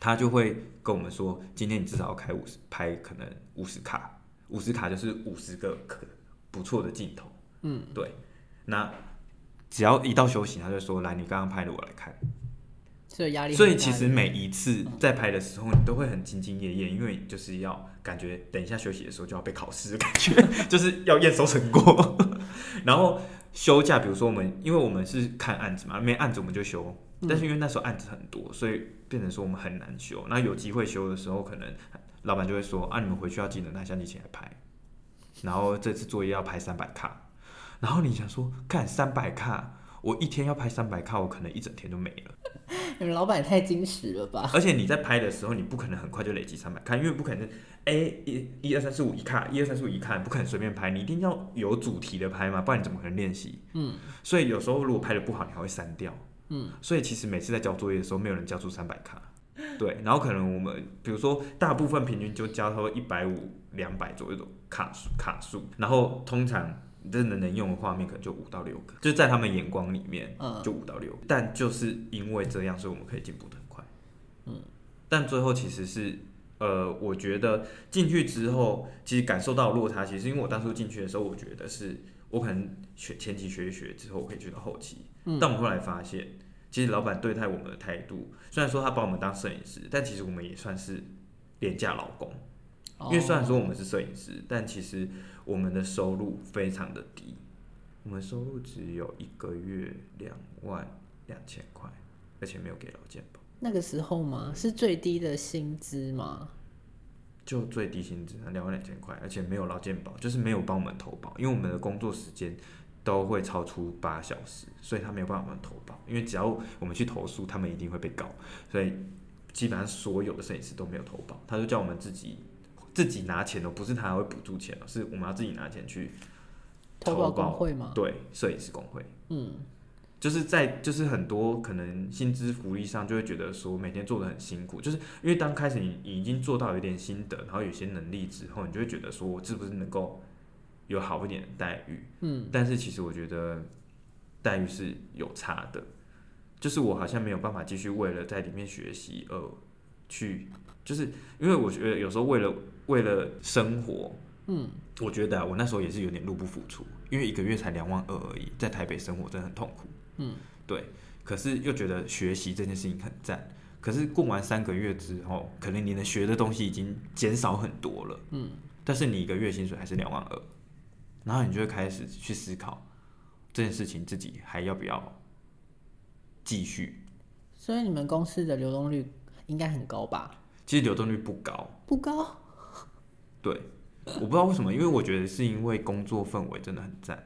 他就會跟我們說，今天你至少要開五十，拍可能五十卡，五十卡就是五十個可不錯的鏡頭，嗯，對。那只要一到休息，他就說：“來，你剛剛拍的我來看。”所以其實每一次在拍的時候，你都會很兢兢業業，因為就是要感覺等一下休息的時候就要被考試的感覺，就是要驗收成果。然後休假，比如說我們，因為我們是看案子嘛，沒案子我們就休。但是因為那時候案子很多，所以變成說我們很難休。那有機會休的時候，可能老闆就會說：“啊，你們回去要記得拿相機起來拍。”然後這次作業要拍三百卡。然後你想說，看三百卡，我一天要拍三百卡，我可能一整天都沒了。你們老板也太矜持了吧！而且你在拍的時候，你不可能很快就累積三百卡，因為不可能，欸一一二三四五一卡，一二三四五一卡，不可能隨便拍，你一定要有主題的拍嘛，不然你怎麼可能練習？嗯。所以有時候如果拍的不好，你還會刪掉。嗯。所以其實每次在交作業的時候，沒有人交出三百卡。對。然後可能我們，比如說大部分平均就交出一百五、兩百左右的卡數，卡數。然後通常。真的能用的畫面可能就五到六個，就在他們眼光裡面，嗯，就五到六個。但就是因為這樣，所以我們可以進步得很快。嗯，但最後其實是，呃，我覺得進去之後，其實感受到落差。其實因為我當初進去的時候，我覺得是我可能學前期學一學之後，我可以去到後期。但我們後來發現，其實老板對待我們的態度，雖然說他把我們當攝影師，但其實我們也算是廉價勞工。因為雖然說我們是攝影師，但其實。我們的收入非常的低，我們收入只有一個月兩萬兩千塊，而且沒有給勞健保。那個時候嗎？是最低的薪資嗎？就最低薪資，兩萬兩千塊，而且沒有勞健保，就是沒有幫我們投保。因為我們的工作時間都會超出八小時，所以他沒有辦法幫我們投保。因為只要我們去投訴，他們一定會被告。所以基本上所有的攝影師都沒有投保，他就叫我們自己。自己拿錢的，不是他會補助錢，是我們要自己拿錢去投保。投保工會嗎？對，攝影師工會。嗯，就是在就是很多可能薪資福利上就會覺得說每天做的很辛苦，就是因為當開始你已經做到有點心得，然後有些能力之後，你就會覺得說我是不是能夠有好一點的待遇？嗯，但是其實我覺得待遇是有差的，就是我好像沒有辦法繼續為了在裡面學習而、呃、去，就是因為我覺得有時候為了。為了生活，嗯，我覺得啊，我那時候也是有點入不敷出，因為一個月才兩萬二而已，在台北生活真的很痛苦，嗯，對。可是又覺得學習這件事情很讚，可是過完三個月之後，可能你能學的東西已經減少很多了，嗯。但是你一個月薪水還是兩萬二，然後你就會開始去思考這件事情，自己還要不要繼續？所以你們公司的流動率應該很高吧？其實流動率不高，不高？對，我不知道為什麼，因為我覺得是因為工作氛圍真的很贊，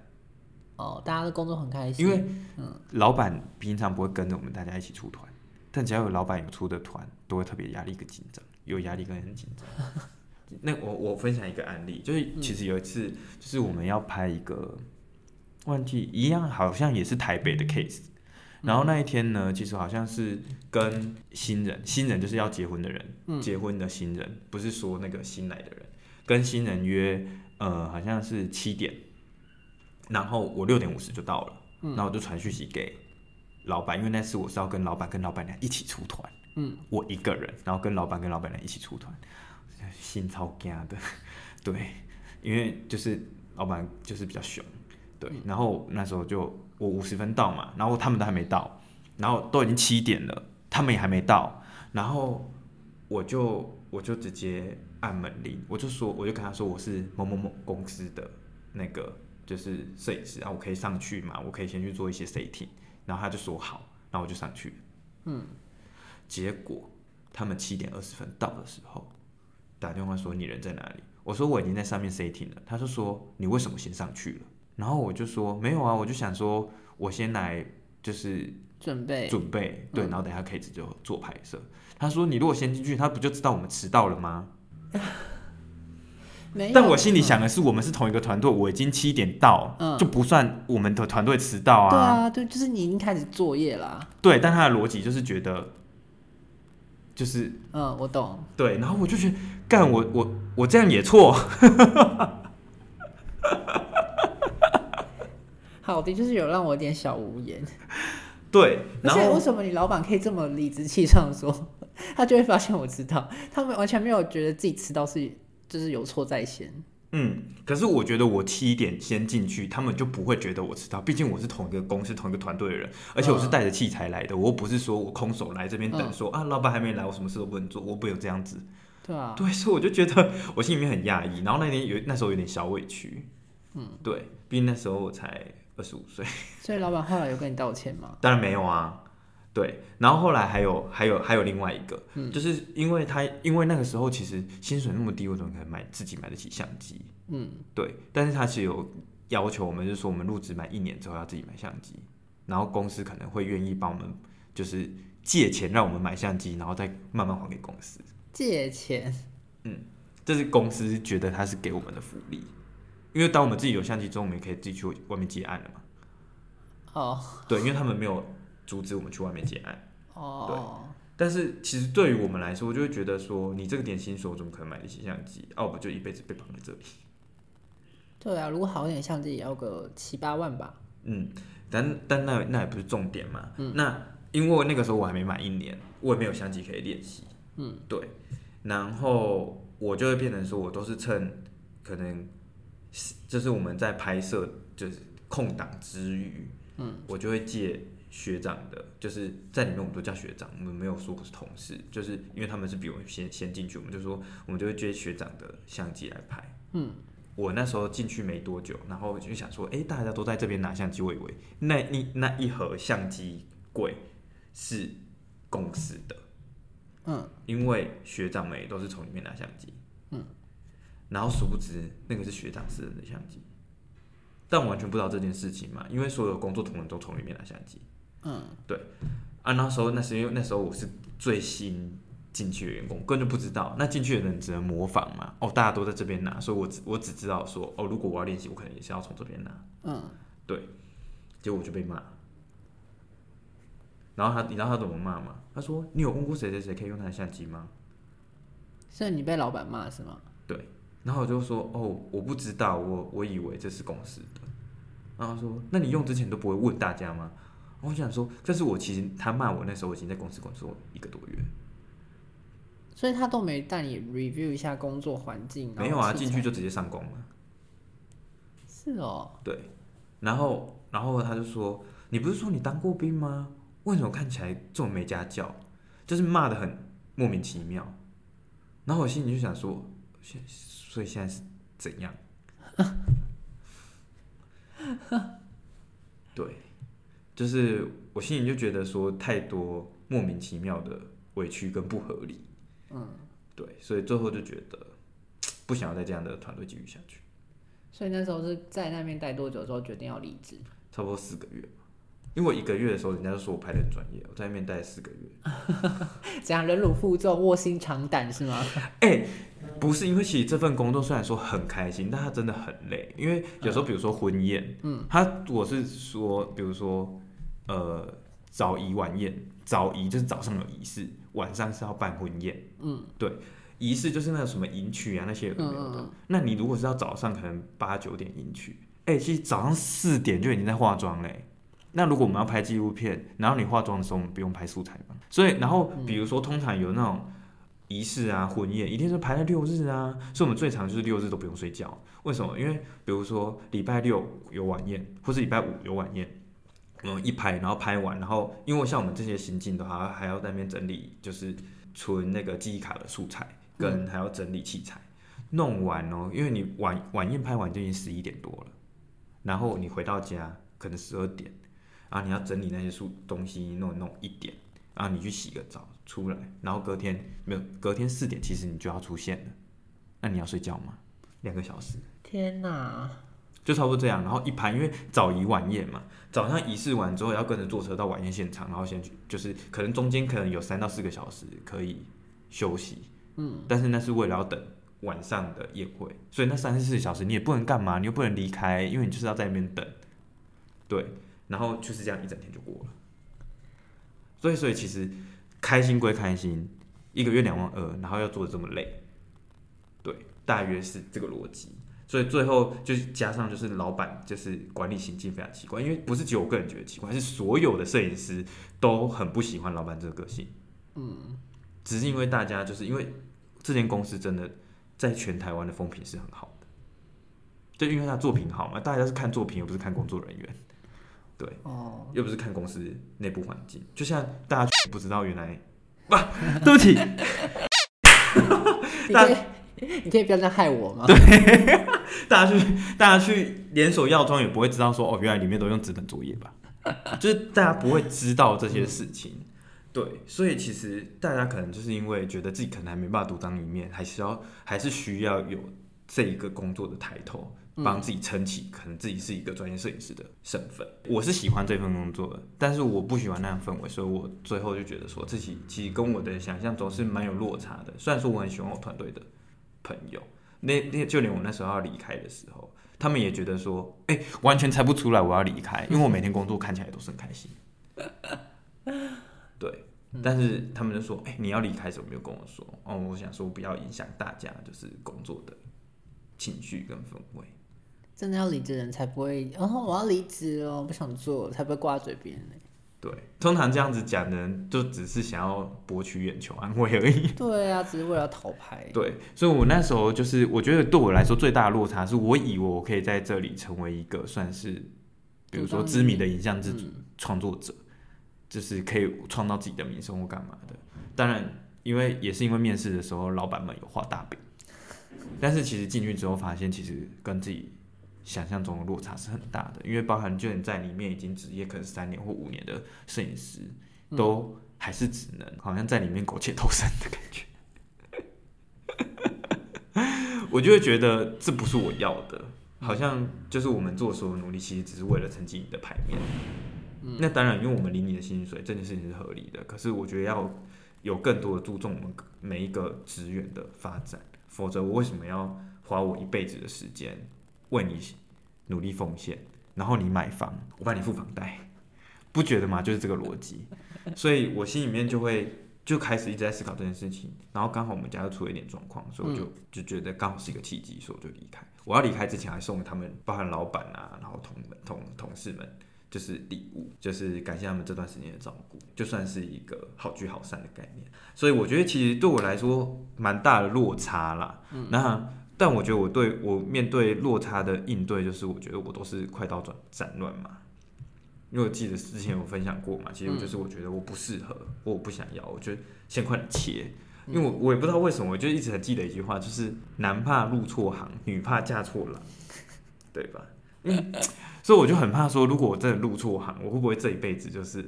哦，大家的工作很開心。因為，嗯，老板平常不會跟着我們大家一起出團，嗯、但只要有老板有出的團，都會特別壓力跟緊張，有壓力跟很緊張。 那我我分享一個案例，就是其實有一次，就是我們要拍一個，問題、嗯、一樣，好像也是台北的 case。然後那一天呢，其實好像是跟新人，新人就是要結婚的人，嗯、結婚的新人，不是說那個新來的人。跟新人約，呃，好像是七點，然後我六點五十就到了，嗯，然後我就傳訊息給老闆，因為那時我是要跟老闆跟老闆娘一起出團，嗯，我一個人，然後跟老闆跟老闆娘一起出團，心超驚的，對，因為就是老闆就是比較兇，對，然後那時候就我五十分到嘛，然後他們都還沒到，然後都已經七點了，他們也還沒到，然後我就我就直接。按門鈴，我就說，我就跟他說，我是某某某公司的那個，就是攝影師啊，我可以上去嘛，我可以先去做一些 setting。然後他就說好，然後我就上去了。嗯，結果他們七點二十分到的時候，打電話說你人在哪裡？我說我已經在上面 setting 了。他就說你為什麼先上去了？然後我就說沒有啊，我就想說我先來就是準備準備，對，嗯、然後等下可以就做拍攝。他說你如果先進去，他不就知道我們遲到了嗎？ 但我心裡想的是，我們是同一個團隊，我已經七點到，嗯、就不算我們的團隊遲到啊。對啊，對，就是你已經開始作業了，啊。對，但他的邏輯就是覺得，就是，嗯，我懂。對，然後我就覺得，幹我我我這樣也錯。 好的，就是有讓我有點小無言。對，然後而且為什麼你老板可以這麼理直氣壯地說？他就會發現我知道，他們完全沒有覺得自己遲到是就是有錯在先。嗯，可是我覺得我七點先進去，他們就不會覺得我遲到。畢竟我是同一個公司、同一個團隊的人，而且我是帶着器材來的，嗯、我又不是說我空手來這邊等說，說、嗯、啊，老闆還沒來，我什麼事都不能做，我不有這樣子。對啊。對，所以我就覺得我心裡面很訝異，然後那天有那時候有點小委屈。嗯，對，畢竟那時候我才二十五歲。所以老闆後來有跟你道歉嗎？ 當然沒有啊。對，然後後來還有還有還有另外一個，嗯、就是因為他因為那個時候其實薪水那麼低，我怎麼可能買自己買得起相機？嗯，對，但是他其實有要求，我們就是說我們入職滿一年之後要自己買相機，然後公司可能會願意幫我們就是借錢讓我們買相機，然後再慢慢還給公司。借錢？嗯，這是公司覺得他是給我們的福利，因為當我們自己有相機之後，我們也可以自己去外面接案了嘛。哦，對，因為他們沒有。阻止我們去外面接案。哦，oh. 對，但是其實對於我們來說，我就會覺得說，你這個點新手怎麼可能買得起相機？哦、啊，我就一輩子被綁在這裡。對啊，如果好一點相機也要個七八萬吧。嗯，但但那那也不是重點嘛。嗯，那因為那個時候我還沒滿一年，我也沒有相機可以練習。嗯，對。然後我就會變成說，我都是趁，可能就是我們在拍攝就是空檔之餘，嗯，我就會借。學長的，就是在裡面，我們都叫學長，我們沒有說不是同事，就是因為他們是比我先先進去，我們就說我們就會接學長的相機來拍。嗯，我那時候進去沒多久，然後就想說，誒，大家都在這邊拿相機，我以為那一那一盒相機櫃是公司的，嗯，因為學長們也都是從裡面拿相機，嗯，然後殊不知那個是學長私人的相機，但我完全不知道這件事情嘛，因為所有工作同仁都從裡面拿相機。嗯，對，啊，然後時那時候，那時候，因為那時候我是最新進去的員工，根本就不知道。那進去的人只能模仿嘛，哦，大家都在這邊拿，所以我只我只知道說，哦，如果我要練習，我可能也是要從這邊拿。嗯，對，結果我就被罵，然後他，你知道他怎麼罵嗎？他說：“你有問過誰誰誰可以用他的相機嗎？”是，你被老闆罵是嗎？對，然後我就說：“哦，我不知道，我我以為這是公司的。”然後他說：“那你用之前都不會問大家嗎？”我想說，這是我其實他罵我那時候，我已經在公司工作一個多月，所以他都沒帶你 review 一下工作環境。沒有啊，進去就直接上工了。是哦、喔。對。然後，然後他就說：“你不是說你當過兵嗎？為什麼看起來這麼沒家教？”就是罵得很莫名其妙。然後我心裡就想說：“現所以現在是怎樣？” 對。就是我心裡就覺得說太多莫名其妙的委屈跟不合理，嗯，對，所以最後就覺得不想要在這樣的團隊繼續下去。所以那時候是在那邊待多久之後決定要離職？差不多四個月，因為我一個月的時候人家都說我拍的很專業，我在那邊待四個月， 怎樣忍辱負重、臥薪嘗膽是嗎？欸，不是，因為其實這份工作雖然說很開心，但他真的很累，因為有時候比如說婚宴，嗯，他我是說，嗯，比如說。呃，早儀晚宴，早儀就是早上有儀式，晚上是要辦婚宴。嗯，對，儀式就是那個什麼迎娶啊那些，有沒有的。嗯嗯，那你如果是要早上，可能八九點迎娶，哎、欸，其實早上四點就已經在化妝嘞。那如果我們要拍紀錄片，然後你化妝的時候，我們不用拍素材嘛。所以，然後比如說，通常有那種儀式啊、婚宴，一定是排了六日啊，所以我們最常就是六日都不用睡覺。為什麼？因為比如說禮拜六有晚宴，或是禮拜五有晚宴。嗯，一拍，然後拍完，然後因為像我們這些行進的話，還要在那邊整理，就是存那個記憶卡的素材，跟還要整理器材。嗯、弄完哦，因為你晚晚宴拍完就已經十一點多了，然後你回到家可能十二點，啊，你要整理那些素東西弄弄一點，啊，你去洗個澡出來，然後隔天沒有，隔天四點其實你就要出現了，那你要睡覺嗎？兩個小時？天哪！就差不多這樣，然後一盤，因為早儀晚宴嘛，早上儀式完之後要跟着坐車到晚宴現場，然後先去，就是可能中間可能有三到四個小時可以休息，嗯，但是那是為了要等晚上的宴會，所以那三四個小時你也不能幹嘛，你又不能離開，因為你就是要在那邊等，對，然後就是這樣一整天就過了，所以所以其實開心歸開心，一個月兩萬二，然後要做的這麼累，對，大約是這個邏輯。所以最後就是加上就是老闆就是管理行徑非常奇怪，因為不是只有我個人覺得奇怪，是所有的攝影師都很不喜歡老闆這個個性。嗯，只是因為大家就是因為這間公司真的在全台灣的風評是很好的，就因為他作品好嘛，大家是看作品，又不是看工作人員。對哦，又不是看公司內部環境，就像大家不知道原來哇、啊，對不起，但。你可以不要這樣害我嗎？對，大家去大家去連鎖藥妝也不會知道說哦，原來裡面都用紙本作業吧， 就是大家不會知道這些事情。嗯、對，所以其實大家可能就是因為覺得自己可能還沒辦法獨當一面，還是要還是需要有這一個工作的抬頭，幫自己撐起可能自己是一個專業攝影師的身份。嗯、我是喜歡這份工作的，但是我不喜歡那樣氛圍，所以我最後就覺得說自己其實跟我的想象總是蠻有落差的。嗯、雖然說我很喜歡我團隊的。朋友，那那就連我那時候要離開的時候，他們也覺得說，哎、欸，完全猜不出來我要離開，因為我每天工作看起來都是很開心， 對。但是他們就說，哎、欸，你要離開時候沒有跟我說，哦，我想說不要影響大家就是工作的情緒跟氛圍。真的要離職人才不會，然後，哦，我要離職哦，不想做才不會掛嘴邊對，通常這樣子講的人，就只是想要博取眼球安慰而已。對啊，只是為了討拍。對，所以我那時候就是，我覺得對我來說最大的落差，是我以為我可以在這裡成為一個算是，比如說知名的影像自主創作者，嗯、就是可以創造自己的名聲或幹嘛的。當然，因為也是因為面試的時候老板們有畫大餅，但是其實進去之後發現，其實跟自己。想象中的落差是很大的，因為包含捲在裡面已經職業可能三年或五年的攝影師，都還是只能好像在裡面苟且偷生的感覺。嗯、 我就會覺得這不是我要的，好像就是我們做所有努力，其實只是為了撐起你的排面。嗯、那當然，因為我們領你的薪水這件事情是合理的，可是我覺得要有更多的注重我們每一個職員的發展，否則我為什麼要花我一輩子的時間？為你努力奉獻，然後你買房，我幫你付房貸，不覺得嗎？就是這個邏輯，所以我心裡面就會就開始一直在思考這件事情。然後剛好我們家又出了一點狀況，所以我就就覺得剛好是一個契機，所以我就離開。嗯、我要離開之前還送給他們，包含老闆啊，然後同同同事們就是禮物，就是感謝他們這段時間的照顧，就算是一個好聚好散的概念。所以我覺得其實對我來說蠻大的落差啦。嗯、那。但我覺得我對我面對落差的應對，就是我覺得我都是快刀斬斬亂麻。因為我記得之前有分享過嘛，嗯、其實就是我覺得我不適合，我不想要，我覺得先快點切。因為我我也不知道為什麼，我就一直很記得一句話，就是“男怕入錯行，女怕嫁錯郎”，對吧？所以我就很怕說，如果我真的入錯行，我會不會這一輩子就是。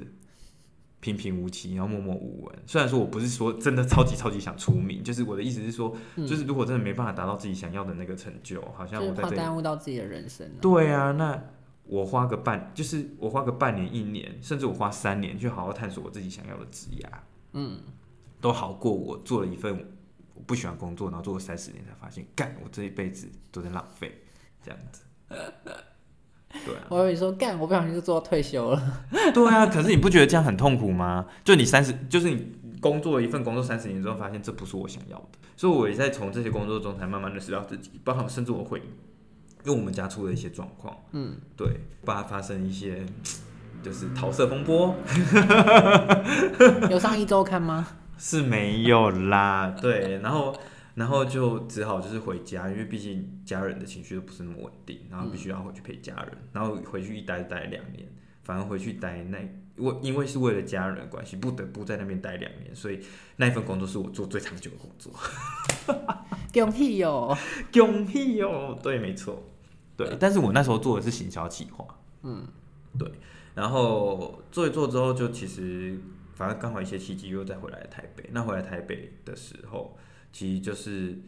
平平無奇，然後默默無聞。雖然說我不是說真的超級超級想出名，就是我的意思是說，嗯、就是如果真的沒辦法達到自己想要的那個成就，好像我在這就怕耽誤到自己的人生啊。對啊，那我花個半，就是我花個半年、一年，甚至我花三年去好好探索我自己想要的職業。嗯，都好過我做了一份我不喜歡工作，然後做了三十年才發現，幹我這一輩子都在浪費，這樣子。 對啊，我以為你說，幹，我不小心就做到退休了。對啊，可是你不覺得這樣很痛苦嗎？ 就你三十，就是你工作了一份工作三十年之後，發現這不是我想要的，所以我也在從這些工作中才慢慢認識到自己，包括甚至我會，因為我們家出了一些狀況，嗯，對，發生一些就是桃色風波， 有上一周看嗎？是沒有啦，對，然後。然後就只好就是回家，因為畢竟家人的情緒都不是那麼穩定，然後必須要回去陪家人。然後回去一待待兩年，反而回去待那，我因為是為了家人的關係，不得不在那邊待兩年，所以那一份工作是我做最長久的工作。恭喜喲，恭喜喲！對，沒錯，對、欸。但是我那時候做的是行銷企劃，嗯，對。然後做一做之後，就其實反正剛好一些契機又再回來台北。那回來台北的時候。其實就是，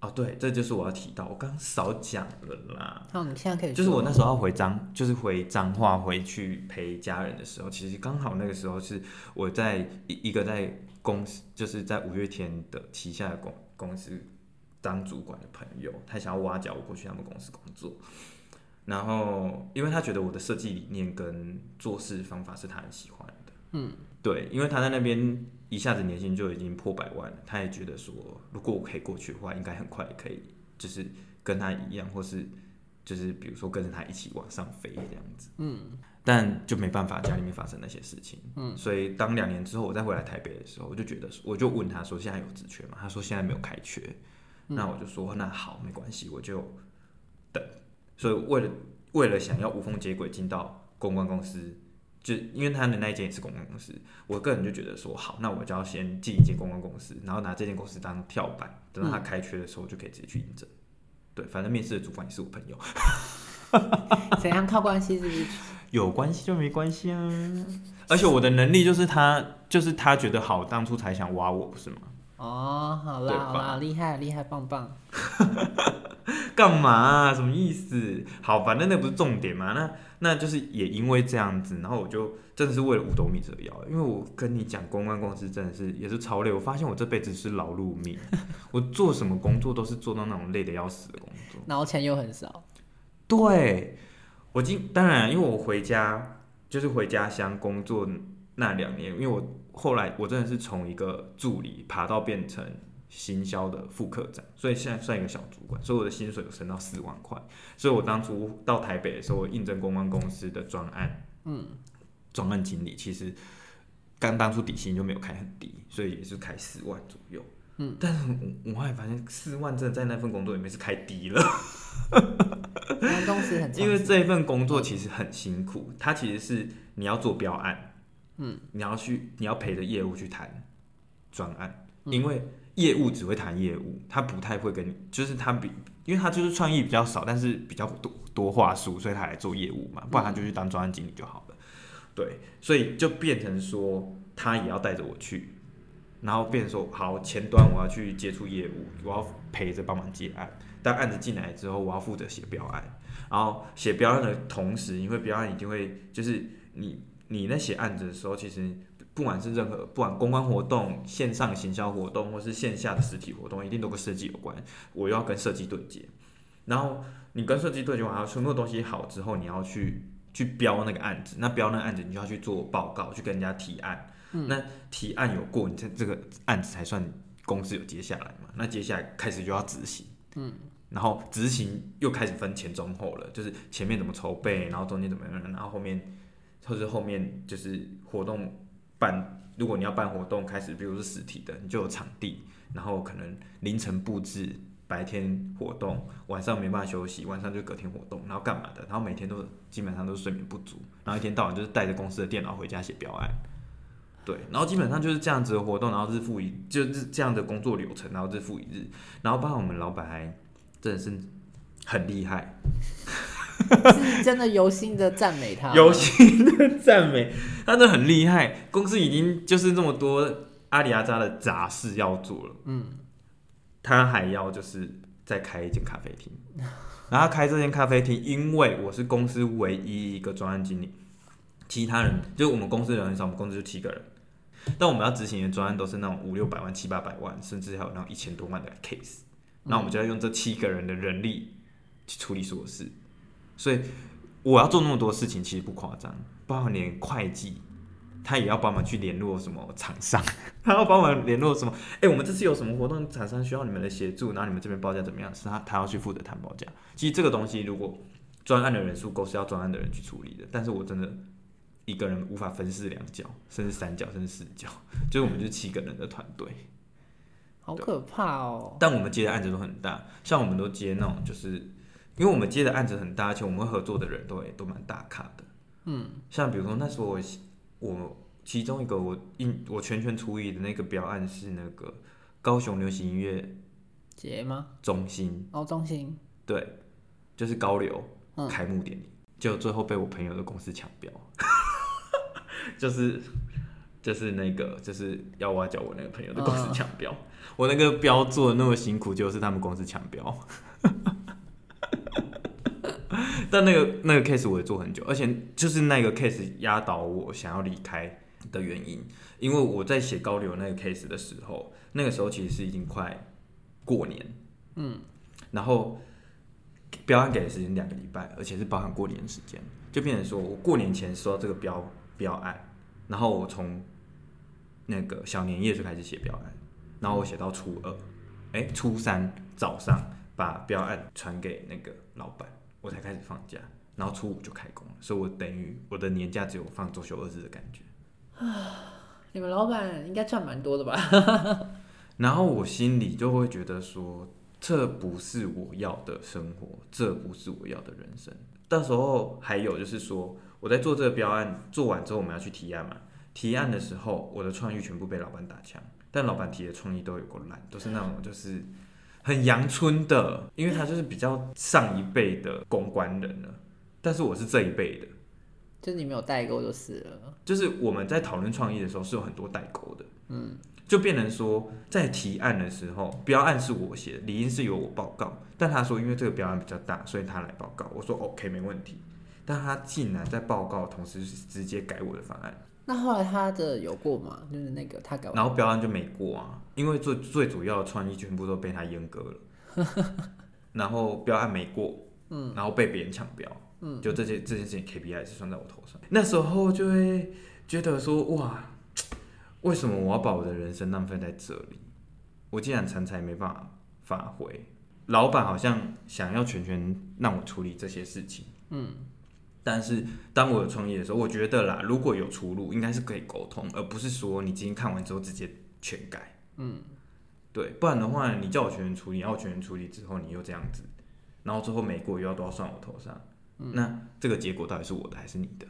哦，對，這就是我要提到，我剛剛少講了啦。那我們現在可以就是我那時候要回彰，就是回彰化，回去陪家人的時候，其實剛好那個時候是我在一一個在公司，就是在五月天的旗下的公公司當主管的朋友，他想要挖角我過去他們公司工作，然後因為他覺得我的設計理念跟做事方法是他很喜歡的，嗯，對，因為他在那邊。一下子年薪就已經破百萬了，他也覺得說，如果我可以過去的話，應該很快可以，就是跟他一樣，或是就是比如說跟着他一起往上飛這樣子。嗯。但就沒辦法，家裡面發生那些事情。嗯。所以當兩年之後我再回來台北的時候，我就覺得，我就問他說現在有職缺嗎？他說現在沒有開缺。嗯。那我就說那好，沒關係，我就等。所以為了為了想要無縫接軌進到公關公司。就因為他的那間也是公關公司，我個人就覺得說好，那我就要先進一間公關公司，然後拿這間公司當跳板，等到他開缺的時候就可以直接去應徵。嗯、對，反正面試的主管也是我朋友，哈哈哈，怎樣靠關係是不是？有關係就沒關係啊！而且我的能力就是他，就是他覺得好，當初才想挖我，不是嗎？哦，好啦，棒好啦好啦，厲害厲害，棒棒。幹 嘛、啊？什麼意思？好，反正那不是重點嘛。那那就是也因為這樣子，然後我就真的是為了五斗米折腰，因為我跟你講，公關公司真的是也是超累。我發現我這輩子是勞碌命， 我做什麼工作都是做到那種累的要死的工作。然後錢又很少。對，我今當然，因為我回家就是回家鄉工作那兩年，因為我。後來我真的是從一個助理爬到變成行銷的副科長，所以現在算一個小主管，所以我的薪水有升到四萬塊。所以我當初到台北的時候，我應徵公關公司的專案，嗯，專案經理其實剛當初底薪就沒有開很低，所以也是開四萬左右，嗯，但是我我還發現四萬真的在那份工作裡面是開低了， 因為這份工作其實很辛苦，它其實是你要做標案。嗯，你要去，你要陪着業務去談專案，嗯、因為業務只會談業務，他不太會跟你，就是他比，因為他就是創意比較少，但是比較多多話術，所以他來做業務嘛，不然他就去當專案經理就好了。嗯、對，所以就變成說，他也要帶着我去，然後變成說，好，前端我要去接觸業務，我要陪着幫忙接案，但案子進來之後，我要負責寫標案，然後寫標案的同時，因為標案一定會就是你。你在寫案子的時候，其實不管是任何，不管公關活動、線上行銷活動，或是線下的實體活動，一定都跟設計有關。我又要跟設計對接，然後你跟設計對接完了，所有東西好之後，你要去去標那個案子。那標那個案子，你就要去做報告，去跟人家提案。嗯、那提案有過，你這這個案子才算公司有接下來嘛。那接下來開始就要執行。嗯，然後執行又開始分前中後了，就是前面怎麼籌備，然後中間怎麼樣，然後後面。就是後面就是活動辦，如果你要辦活動，開始比如是實體的，你就有場地，然後可能凌晨布置，白天活動，晚上沒辦法休息，晚上就隔天活動，然後幹嘛的，然後每天都基本上都是睡眠不足，然後一天到晚就是帶着公司的電腦回家寫標案，對，然後基本上就是這樣子的活動，然後日復一日就是這樣的工作流程，然後日復一日，然後包括我們老板還真的是很厲害。 真的由心的讚美他，由心的讚美他，真的很厲害。公司已經就是那麼多阿里阿扎的雜事要做了，嗯，他還要就是再開一間咖啡廳。然後開這間咖啡廳，因為我是公司唯一一個專案經理，其他人就我們公司的人很少，我們公司就七個人，但我們要執行的專案都是那種五六百萬、七八百萬，甚至還有那種一千多萬的 case、嗯。那我們就要用這七個人的人力去處理瑣事。所以我要做那麼多事情，其實不誇張。包括連會計，他也要幫忙去聯絡什麼廠商，他要幫忙聯絡什麼。哎、欸，我們這次有什麼活動，廠商需要你們的協助，然後你們這邊報價怎麼樣？是他他要去負責談報價。其實這個東西，如果專案的人數夠，是要專案的人去處理的。但是我真的一個人無法分飾兩角，甚至三角，甚至四角。就是我們就七個人的團隊， 對好可怕哦。但我們接的案子都很大，像我們都接那種就是。因為我們接的案子很大，而且我們合作的人都也、欸、都蠻大咖的。嗯，像比如說那時候我我其中一個我應我全權處理的那個標案是那個高雄流行音樂節嗎？中心哦，中心對，就是高流、嗯、開幕典禮，就最後被我朋友的公司搶標， 就是就是那個就是要挖角我那個朋友的公司搶標，嗯、我那個標做的那麼辛苦，就是他們公司搶標。 但那個那個 case 我也做很久，而且就是那個 case 壓倒我想要離開的原因，因為我在寫高流那個 case 的時候，那個時候其實是已經快過年，嗯，然後標案給的時間兩個禮拜，而且是包含過年時間，就變成說我過年前收到這個標標案，然後我從那個小年夜就開始寫標案，然後我寫到初二，哎、欸，初三早上把標案傳給那個老板。我才開始放假，然後初五就開工了，所以我等於我的年假只有放週休二日的感覺。啊，你們老闆應該賺蠻多的吧？ 然後我心裡就會覺得說，這不是我要的生活，這不是我要的人生。到時候還有就是說，我在做這個標案做完之後，我們要去提案嘛。提案的時候，嗯、我的創意全部被老闆打槍，但老闆提的創意都有夠爛，都、嗯、是那種就是。很陽春的，因為他就是比較上一輩的公關人了，但是我是這一輩的，就是你沒有代溝就死了。就是我們在討論創意的時候是有很多代溝的，嗯，就變成說在提案的時候，標案是我寫的，理應是由我報告，但他說因為這個標案比較大，所以他來報告。我說 OK 沒問題，但他竟然在報告的同時是直接改我的方案。那後來他的有過嗎？就是那個他改。然後標案就沒過啊，因為最最主要的創意全部都被他閹割了。 然後標案沒過，嗯，然後被別人搶標，嗯，就這些、嗯、這件事情 KPI 是算在我頭上。嗯、那時候就會覺得說，哇，為什麼我要把我的人生浪費在這裡？我竟然成才沒辦法發揮，老闆好像想要全權讓我處理這些事情，嗯。但是、嗯、當我有創業的時候，我覺得啦，如果有出路，應該是可以溝通，而不是說你今天看完之後直接全改。嗯，對，不然的話，你叫我全員處理，要我全員處理之後，你又這樣子，然後最後沒過又要都要算我頭上，嗯、那這個結果到底是我的還是你的？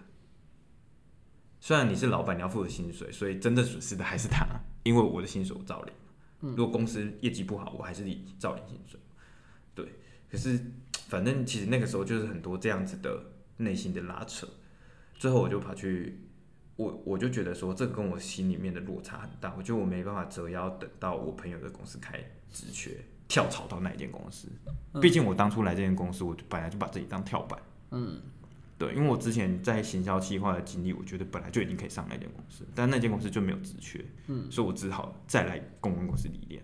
雖然你是老闆，你要付的薪水，所以真的損失的還是他，因為我的薪水我照領。嗯、如果公司業績不好，我還是照領薪水。對，可是反正其實那個時候就是很多這樣子的。內心的拉扯，最後我就跑去，我我就覺得說，這跟我心裡面的落差很大。我覺得我沒辦法折腰，等到我朋友的公司開職缺，跳槽到那間公司。嗯、畢竟我當初來這間公司，我本來就把自己當跳板。嗯，對，因為我之前在行銷企劃的經歷，我覺得本來就已經可以上那間公司，但那間公司就沒有職缺，嗯，所以我只好再來公關公司歷練。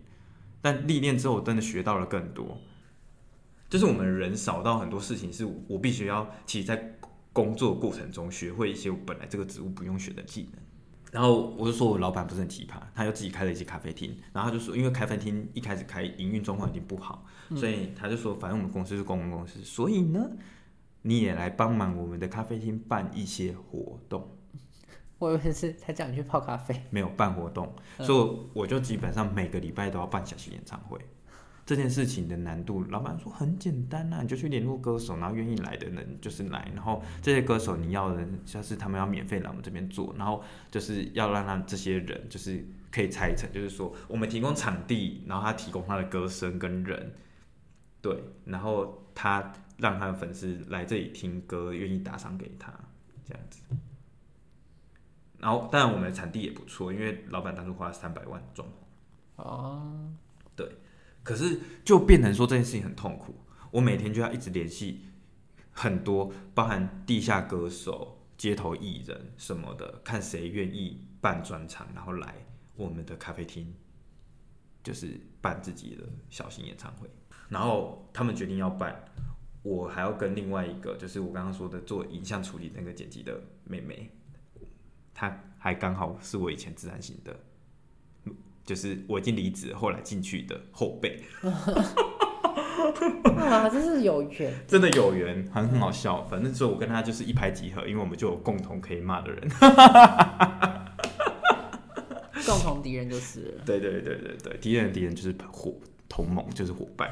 但歷練之後，我真的學到了更多。就是我們人少到很多事情是我必須要，其實在工作過程中學會一些我本來這個職務不用學的技能。然後我就說，我老板不是很奇葩，他就自己開了一家咖啡廳，然後他就說，因為開咖啡廳一開始開營運狀況已經不好，所以他就說，反正我們公司是公關公司，嗯、所以呢，你也來幫忙我們的咖啡廳辦一些活動。我以為是才叫你去泡咖啡，沒有辦活動，嗯、所以我就基本上每個禮拜都要辦小型演唱會。這件事情的難度，老闆說很簡單吶、啊，你就去聯絡歌手，然後願意來的人就是來，然後這些歌手你要的人，下次他們要免費來我們這邊做，然後就是要讓他這些人就是可以拆成，就是說我們提供場地，然後他提供他的歌聲跟人，對，然後他讓他的粉絲來這裡聽歌，願意打賞給他這樣子。然後當然我們的場地也不錯，因為老闆當初花了三百萬裝，哦，對。可是，就變成說這件事情很痛苦。我每天就要一直聯繫很多，包含地下歌手、街頭藝人什麼的，看誰願意辦專場，然後來我們的咖啡廳，就是辦自己的小型演唱會。然後他們決定要辦，我還要跟另外一個，就是我剛剛說的做影像處理那個剪輯的妹妹，她還剛好是我以前自然型的，就是我已經離職，後來進去的後輩， 啊，真是有緣， 真的有緣，好，很好笑。嗯、反正所以我跟他就是一拍即合，因為我們就有共同可以罵的人， 共同敵人就是了，對對對對對，敵人的敵人就是夥同盟，就是夥伴。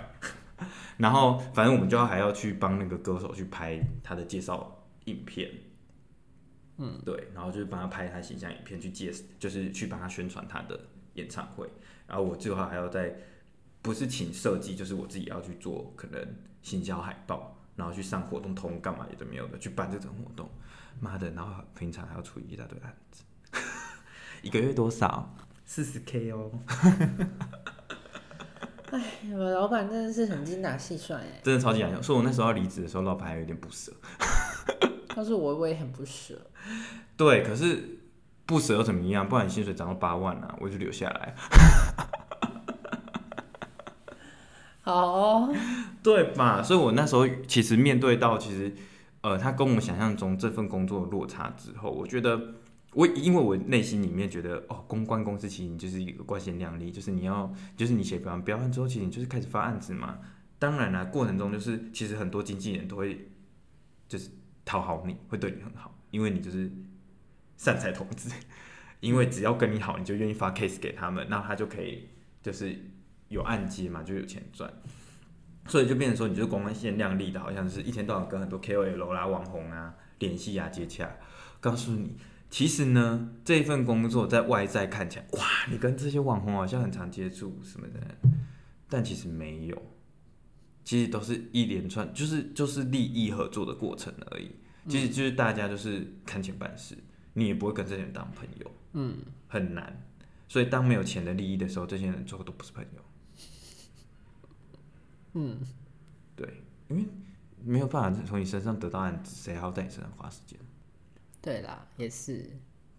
然後反正我們就還要去幫那個歌手去拍他的介紹影片，嗯，對，然後就是幫他拍他的形象影片，去介就是去幫他宣傳他的演唱會，然後我最後還要再不是請設計，就是我自己要去做可能行銷海報，然後去上活動通幹嘛也都沒有的去辦這種活動，媽的！然後平常還要處理一大堆案子， 一個月多少？四十 K 哦。哎， 我老板真的是很精打細算哎，真的超級難用。所以我那時候要離職的時候，老板還有點不舍，但 是我，我也很不舍。對，可是。不捨又怎麼樣？不然你薪水漲到八萬呢？啊，我就留下來。 好，哦，對嘛？所以我那時候其實面對到，其實呃，他跟我們想象中這份工作的落差之後，我覺得我因為我內心裡面覺得，哦，公關公司其實就是一個光鮮亮麗，就是你要就是你寫標標案之後，其實你就是開始發案子嘛。當然了，啊，過程中就是其實很多經紀人都會就是討好你，會對你很好，因為你就是。善財童子，因為只要跟你好，你就願意發 case 給他們，那他就可以就是有按揭嘛，就有錢賺，所以就變成說，你就光鮮亮麗的，好像是一天到晚跟很多 KOL 啦、網紅啊聯繫啊、接洽。告訴你，其實呢，這一份工作在外在看起來，哇，你跟這些網紅好像很常接觸什麼的，但其實沒有，其實都是一連串，就是就是利益合作的過程而已，嗯、其實就是大家就是看錢辦事。你也不會跟這些人當朋友，嗯，很難，所以當沒有錢的利益的時候，這些人最後都不是朋友。嗯，對，因為沒有辦法從你身上得到，誰還要在你身上花時間？對啦，也是。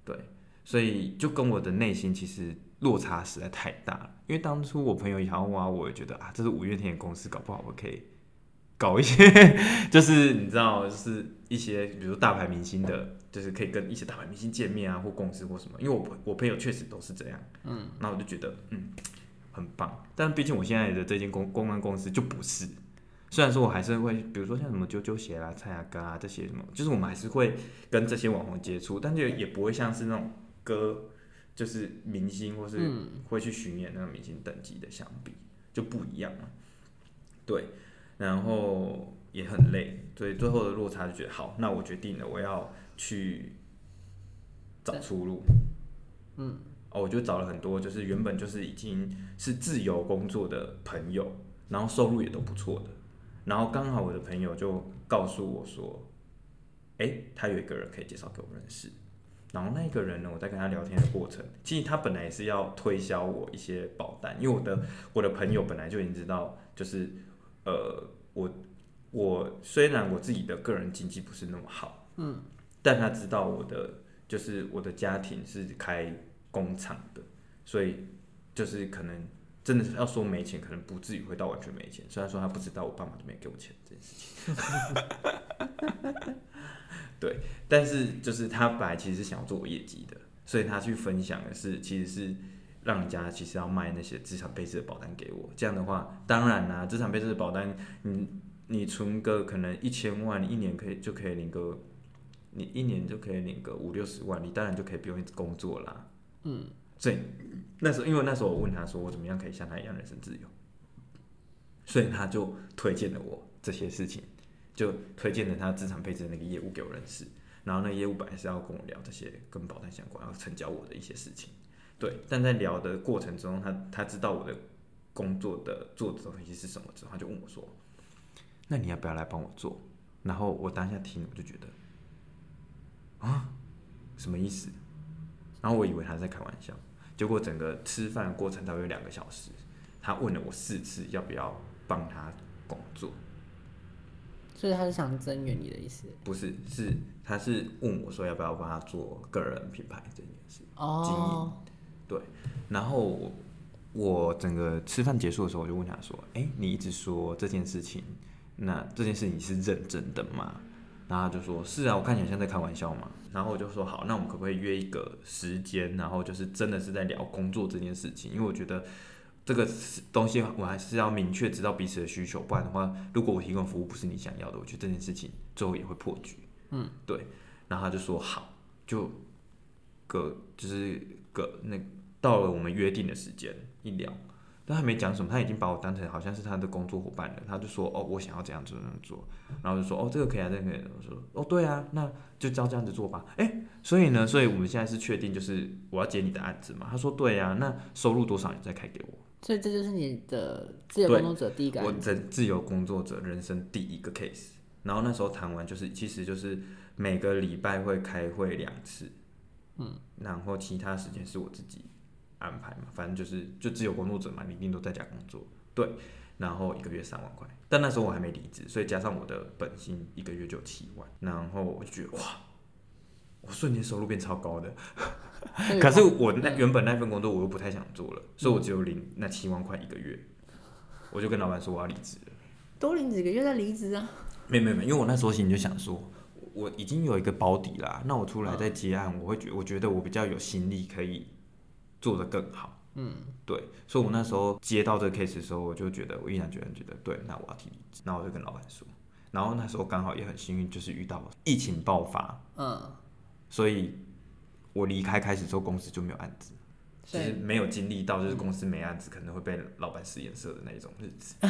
對，所以就跟我的內心其實落差實在太大了，因為當初我朋友也問我，我也覺得啊，這是五月天的公司，搞不好我可以搞一些， 就是你知道，就是一些比如大牌明星的。嗯就是可以跟一些大牌明星見面啊，或公司或什麼，因為我我朋友確實都是這樣，嗯，那我就覺得嗯很棒，但畢竟我現在的這間公、嗯、公關公司就不是，雖然說我還是會，比如說像什麼啾啾鞋啊、蔡阿哥啊這些什麼，就是我們還是會跟這些網紅接觸，但就也不會像是那種歌就是明星或是會去巡演那種明星等級的相比、嗯、就不一樣嘛，對，然後也很累，所以最後的落差就覺得好，那我決定了，我要。去找出路，對嗯，哦，我就找了很多，就是原本就是已經是自由工作的朋友，然後收入也都不錯的，然後剛好我的朋友就告訴我說，哎、欸，他有一個人可以介紹給我認識，然後那個人呢，我在跟他聊天的過程，其實他本來也是要推銷我一些保單，因為我的我的朋友本來就已經知道，就是呃，我我雖然我自己的個人經濟不是那麼好，嗯。但他知道我的就是我的家庭是開工廠的，所以就是可能真的是要說沒錢，可能不至於會到完全沒錢。雖然說他不知道我爸媽都沒給我錢這件事情， 對，但是就是他本來其實是想要做我業績的，所以他去分享的是其實是讓人家其實要賣那些資產配置的保單給我。這樣的話，當然啦，資產配置的保單，你你存個可能一千萬，你一年可以就可以領個。你一年就可以領個五六十萬，你當然就可以不用工作啦。嗯，所以那時候，因為那時候我問他說我怎麼樣可以像他一樣人生自由，所以他就推薦了我這些事情，嗯、就推薦了他資產配置的那個業務給我認識。然後那業務本來是要跟我聊這些跟保單相關，要成交我的一些事情。對，但在聊的過程中，他他知道我的工作的做的東西是什麼之後，他就問我說：“那你要不要來幫我做？”然後我當下聽，我就覺得。啊，什麼意思？然後我以為他在開玩笑，結果整個吃飯過程大約兩個小時，他問了我四次要不要幫他工作，所以他是想增援你的意思？不是，是他是問我說要不要幫他做個人品牌這件事。哦、oh.，對，然後我整個吃飯結束的時候，我就問他說：“哎、欸，你一直說這件事情，那這件事情是認真的嗎？”然後他就說：“是啊，我看起來像在開玩笑嘛。”然後我就說：“好，那我們可不可以約一個時間？然後就是真的是在聊工作這件事情，因為我覺得這個東西我還是要明確知道彼此的需求，不然的話，如果我提供服務不是你想要的，我覺得這件事情最後也會破局。”嗯，對。然後他就說：“好，就個就是個那到了我們約定的時間，一聊。”他還沒講什麼，他已經把我當成好像是他的工作夥伴了。他就說：“哦，我想要怎樣怎樣做。”然後就說：“哦，這個可以啊，這個可以啊。”我說：“哦，對啊，那就照這樣子做吧。”欸，誒，所以呢，所以我們現在是確定，就是我要接你的案子嘛？他說：“對啊，那收入多少你再開給我。”所以這就是你的自由工作者第一個案子。我的自由工作者人生第一個 case。然後那時候談完，就是其實就是每個禮拜會開會兩次，嗯，然後其他時間是我自己。安排嘛，反正就是就只有工作者嘛，你一定都在家工作，對。然後一個月三萬塊，但那時候我還沒離職，所以加上我的本薪，一個月就七萬。然後我就覺得哇，我瞬間收入變超高的。可是我那原本那份工作我又不太想做了，所以我只有領那七萬塊一個月，我就跟老闆說我要離職了都多領幾個月再離職啊？沒沒沒，因為我那時候心裡就想說，我已經有一個保底啦、啊，那我出來再接案，嗯、我會覺我覺得我比較有心力可以。做得更好，嗯，對，所以，我那時候接到這個 case 的時候，我就覺得，我依然覺得覺得，對，那我要提離職，那我就跟老闆說。然後那時候剛好也很幸運，就是遇到了疫情爆發，嗯，所以我離開開始做公司就沒有案子，就以是沒有經歷到就是公司沒案子、嗯、可能會被老闆使顏色的那種日子。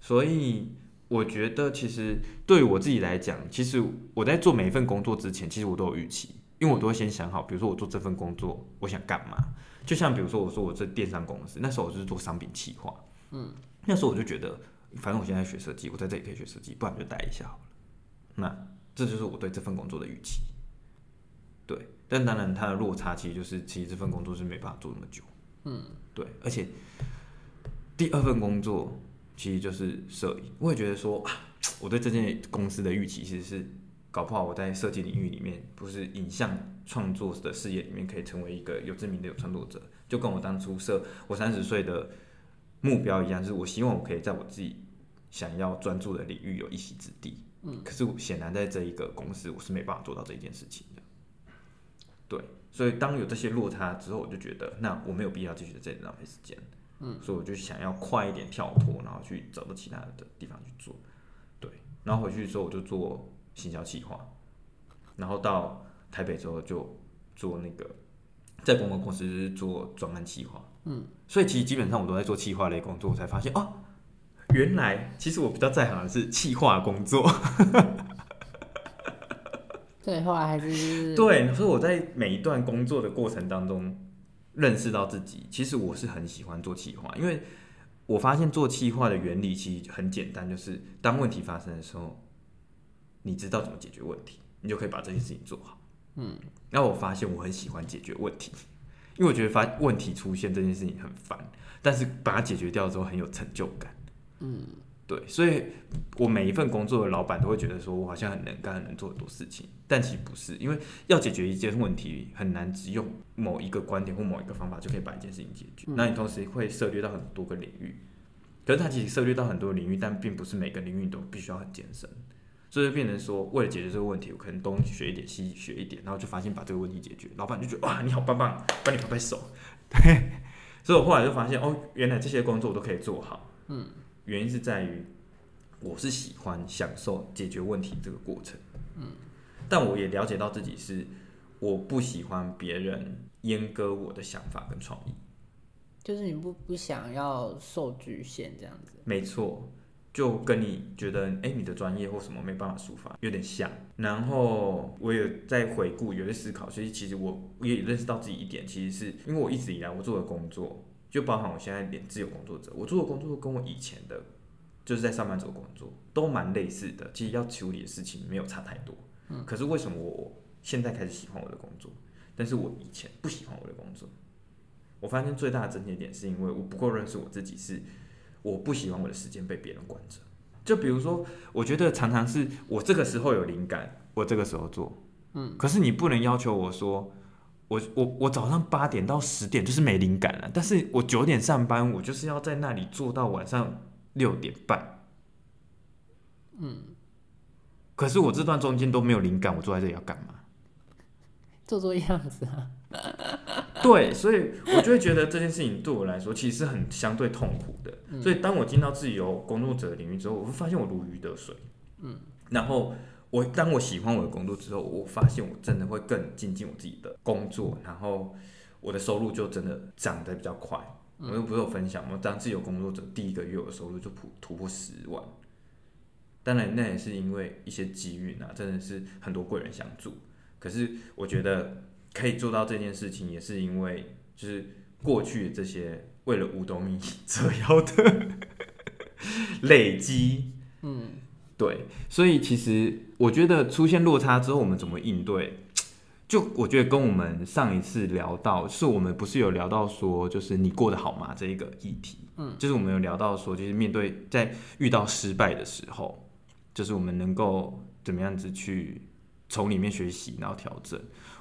所以我覺得，其實對於我自己來講，其實我在做每一份工作之前，其實我都有預期，因為我都會先想好，比如說我做這份工作，我想幹嘛。就像比如說，我說我這電商公司，那時候我就是做商品企劃，嗯，那時候我就覺得，反正我現在學設計，我在這裡可以學設計，不然就待一下好了。那這就是我對這份工作的預期，對。但當然，它的落差其實就是，其實這份工作是沒辦法做那麼久，嗯，對。而且第二份工作其實就是攝影，我也覺得說，啊，我對這間公司的預期其實是。搞不好我在設計領域裡面，不是影像創作的事業裡面，可以成為一個有知名的有創作者，就跟我當初設我三十歲的目標一樣，就是我希望我可以在我自己想要專注的領域有一席之地。嗯，可是顯然在這一個公司，我是沒辦法做到這件事情的。對，所以當有這些落差之後，我就覺得那我沒有必要繼續在這裡浪費時間。嗯，所以我就想要快一點跳脫，然後去找到其他的地方去做。對，然後回去之後我就做行銷企劃，然後到台北之後就做那個，在公共公司做專案企劃。嗯，所以其實基本上我都在做企劃類工作，我才發現哦，原來其實我比較在行的是企劃工作。是就是，對，後來還是對，所以我在每一段工作的過程當中，認識到自己其實我是很喜歡做企劃，因為我發現做企劃的原理其實很簡單，就是當問題發生的時候。你知道怎麼解決問題，你就可以把這件事情做好。嗯，那我發現我很喜歡解決問題，因為我覺得發問題出現這件事情很煩，但是把它解決掉之後很有成就感。嗯，對，所以我每一份工作的老板都會覺得說，我好像很能幹，很能做很多事情，但其實不是，因為要解決一件問題很難只用某一個觀點或某一個方法就可以把一件事情解決。那、嗯、你同時會涉獵到很多個領域，可是它其實涉獵到很多領域，但並不是每個領域都必須要很艱深。這就變成說，為了解決這個問題，我可能東學一點，西學一點，然後就發現把這個問題解決。老闆就覺得哇，你好棒棒，幫你拍拍手。對，所以我後來就發現哦，原來這些工作我都可以做好。嗯，原因是在於我是喜歡享受解決問題這個過程。嗯，但我也了解到自己是我不喜歡別人閹割我的想法跟創意，就是你不不想要受局限這樣子。沒錯。就跟你覺得，哎、欸，你的專業或什麼沒辦法抒發，有點像。然後我有在回顧，有在思考，所以其實我我也認識到自己一點，其實是因為我一直以來我做的工作，就包含我現在連自由工作者，我做的工作跟我以前的，就是在上班族工作都蠻類似的。其實要求你的事情沒有差太多。嗯、可是為什麼我現在開始喜歡我的工作，但是我以前不喜歡我的工作？我發現最大的癥結點是因為我不夠認識我自己是。我不喜歡我的時間被別人管着，就比如說，我覺得常常是我這個時候有靈感，我這個時候做，嗯，可是你不能要求我說，我我我早上八點到十點就是沒靈感了，但是我九點上班，我就是要在那裡做到晚上六點半，嗯，可是我這段中間都沒有靈感，我坐在這裡要幹嘛？做做樣子啊，對，所以我就會覺得這件事情對我來說其實是很相對痛苦的。嗯、所以當我進到自由工作者的領域之後，我會發現我如魚得水。嗯，然後我當我喜歡我的工作之後，我發現我真的會更精進我自己的工作，然後我的收入就真的漲得比較快。嗯、我又不是有分享，我當自由工作者第一個月我的收入就突突破十萬。當然，那也是因為一些機遇啊，真的是很多貴人相助。可是我覺得可以做到這件事情，也是因為就是過去這些為了五斗米折腰的累積，嗯，對，所以其實我覺得出現落差之後，我們怎麼應對？就我覺得跟我們上一次聊到，是我們不是有聊到說，就是你過得好嗎？這一個議題，嗯，就是我們有聊到說，就是面對在遇到失敗的時候，就是我們能夠怎麼樣子去。從裡面學習，然後調整。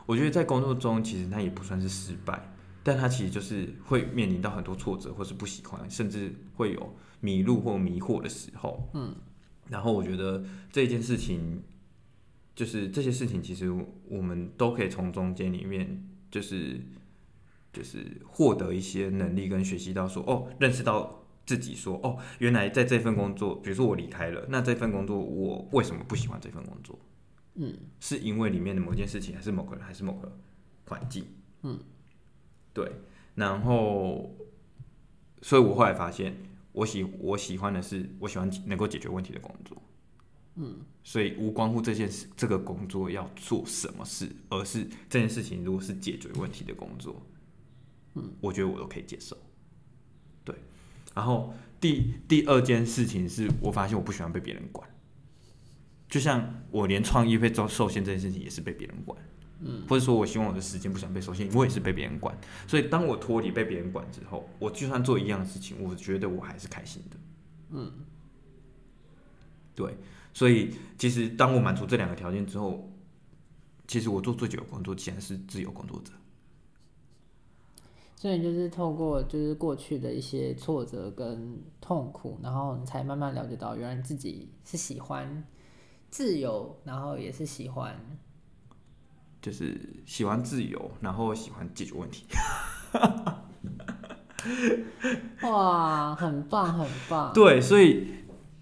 我覺得在工作中，其實它也不算是失敗，但他其實就是會面臨到很多挫折，或是不喜歡，甚至會有迷路或迷惑的時候。嗯，然後我覺得這件事情，就是這些事情，其實我們都可以從中間裡面，就是，就是就是獲得一些能力跟學習到說，說哦，認識到自己說，說哦，原來在這份工作，比如說我離開了，那這份工作，我為什麼不喜歡這份工作？嗯，是因為裡面的某件事情，還是某個人，還是某個環境？嗯，對。然後，所以我後來發現，我喜我喜歡的是我喜歡能夠解決問題的工作。嗯，所以無關乎這件事，這個工作要做什麼事，而是這件事情如果是解決問題的工作，嗯，我覺得我都可以接受。對。然後第第二件事情是，我發現我不喜歡被別人管。就像我連創意被遭受限這件事情也是被別人管，嗯，或者說我希望我的時間不想被受限，我也是被別人管。所以當我脫離被別人管之後，我就算做一樣的事情，我覺得我還是開心的，嗯，對。所以其實當我滿足這兩個條件之後，其實我做最久的工作竟然是自由工作者。所以就是透過就是過去的一些挫折跟痛苦，然後你才慢慢了解到，原來你自己是喜歡。自由，然後也是喜歡，就是喜歡自由，然後喜歡解決問題。 嗯、哇，很棒，很棒。對，所以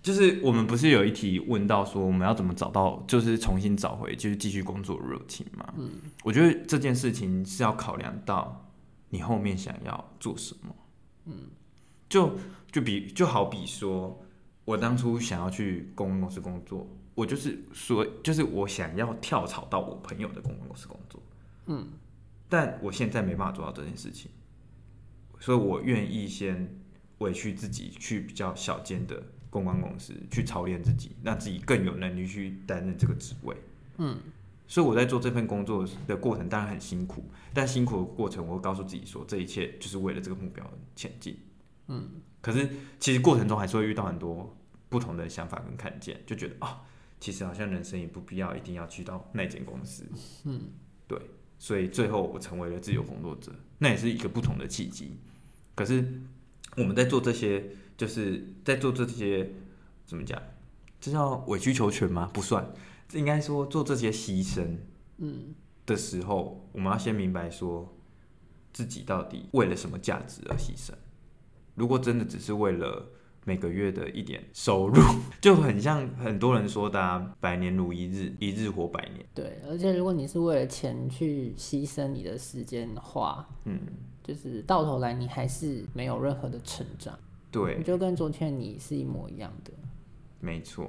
就是我們不是有一題問到說我們要怎麼找到，就是重新找回，就是繼續工作的熱情嘛。嗯，我覺得這件事情是要考量到你後面想要做什麼。嗯，就就比就好比說，我當初想要去公關公司工作。我就是說，就是我想要跳槽到我朋友的公關公司工作，嗯，但我現在沒辦法做到這件事情，所以我願意先委屈自己去比較小間的公關公司去操練自己，讓自己更有能力去擔任這個職位，嗯，所以我在做這份工作的過程當然很辛苦，但辛苦的過程我會告訴自己說，這一切就是為了這個目標前進，嗯，可是其實過程中還是會遇到很多不同的想法跟看見，就覺得啊。哦其實好像人生也不必要一定要去到那間公司，嗯，對，所以最後我成為了自由工作者，那也是一個不同的契機。可是我們在做這些，就是在做這些，怎麼講？這叫委曲求全嗎？不算，這應該說做這些犧牲，嗯，的時候，我們要先明白說，自己到底為了什麼價值而犧牲？如果真的只是為了……每個月的一點收入，就很像很多人說的，啊“百年如一日，一日活百年”。對，而且如果你是為了錢去犧牲你的時間的話，嗯，就是到頭來你還是沒有任何的成長。對，你就跟昨天你是一模一樣的。沒錯錯。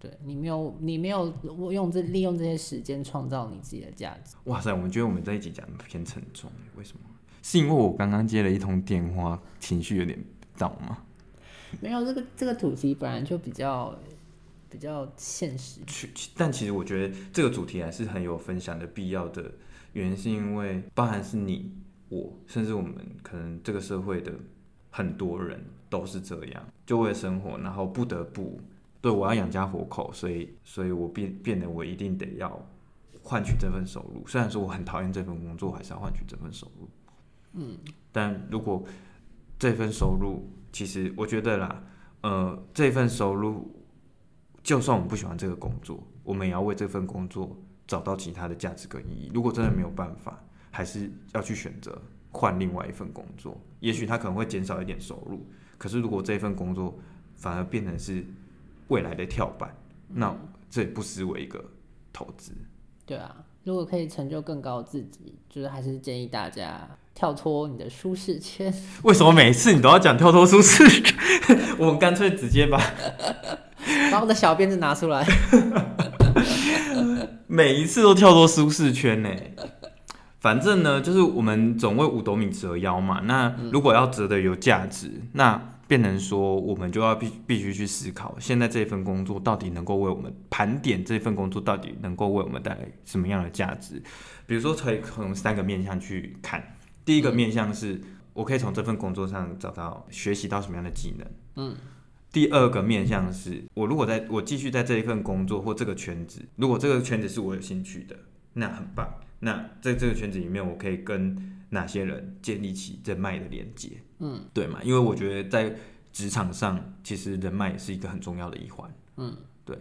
對，你沒有，你沒有用這利用這些時間創造你自己的價值。哇塞，我們覺得我們在一起講偏沉重，欸，為什麼？是因為我剛剛接了一通電話，情緒有點躁嗎？沒有，這個這個主題本來就比較比較現實，但其實我覺得這個主題還是很有分享的必要的原因是因為，包含是你我，甚至我們可能這個社會的很多人都是這樣，就為了生活，然後不得不對，我要養家糊口，所以所以我變變得我一定得要換取這份收入，雖然說我很討厭這份工作，還是要換取這份收入。嗯，但如果這份收入。其實我覺得啦，呃，這份收入，就算我們不喜歡這個工作，我們也要為這份工作找到其他的價值跟意義。如果真的沒有辦法，還是要去選擇換另外一份工作。也許他可能會減少一點收入，可是如果這份工作反而變成是未來的跳板，嗯，那這也不失為一個投資。對啊，如果可以成就更高自己，就是還是建議大家。跳脫你的舒適圈。為什麼每次你都要講跳脫舒適圈？ 我們乾脆直接把 把我的小辮子拿出來。 每一次都跳脫舒適圈呢？反正呢，就是我們總為五斗米折腰嘛。那如果要折得有價值，嗯、那變成說我們就要必必須去思考，現在這份工作到底能夠為我們盤點，這份工作到底能夠為我們帶來什麼樣的價值？比如說從從三個面向去看。第一個面向是，我可以從這份工作上找到學習到什麼樣的技能，嗯。第二個面向是，我如果在我繼續在這一份工作或這個圈子，如果這個圈子是我有興趣的，那很棒。那在這個圈子裡面，我可以跟哪些人建立起人脈的連接，嗯，對嘛？因為我覺得在職場上，其實人脈也是一個很重要的一環，嗯，對。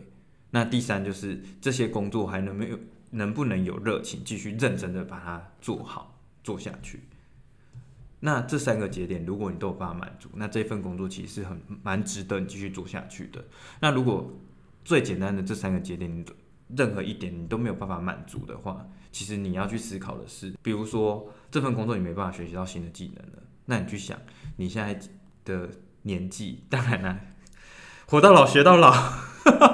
那第三就是這些工作還能沒有能不能有熱情，繼續認真的把它做好做下去。那這三個節點，如果你都有辦法滿足，那這份工作其實是很蠻值得你繼續做下去的。那如果最簡單的這三個節點，任何一點你都沒有辦法滿足的話，其實你要去思考的是，比如說這份工作你沒辦法學習到新的技能了，那你去想，你現在的年紀，當然啦、啊、活到老學到老，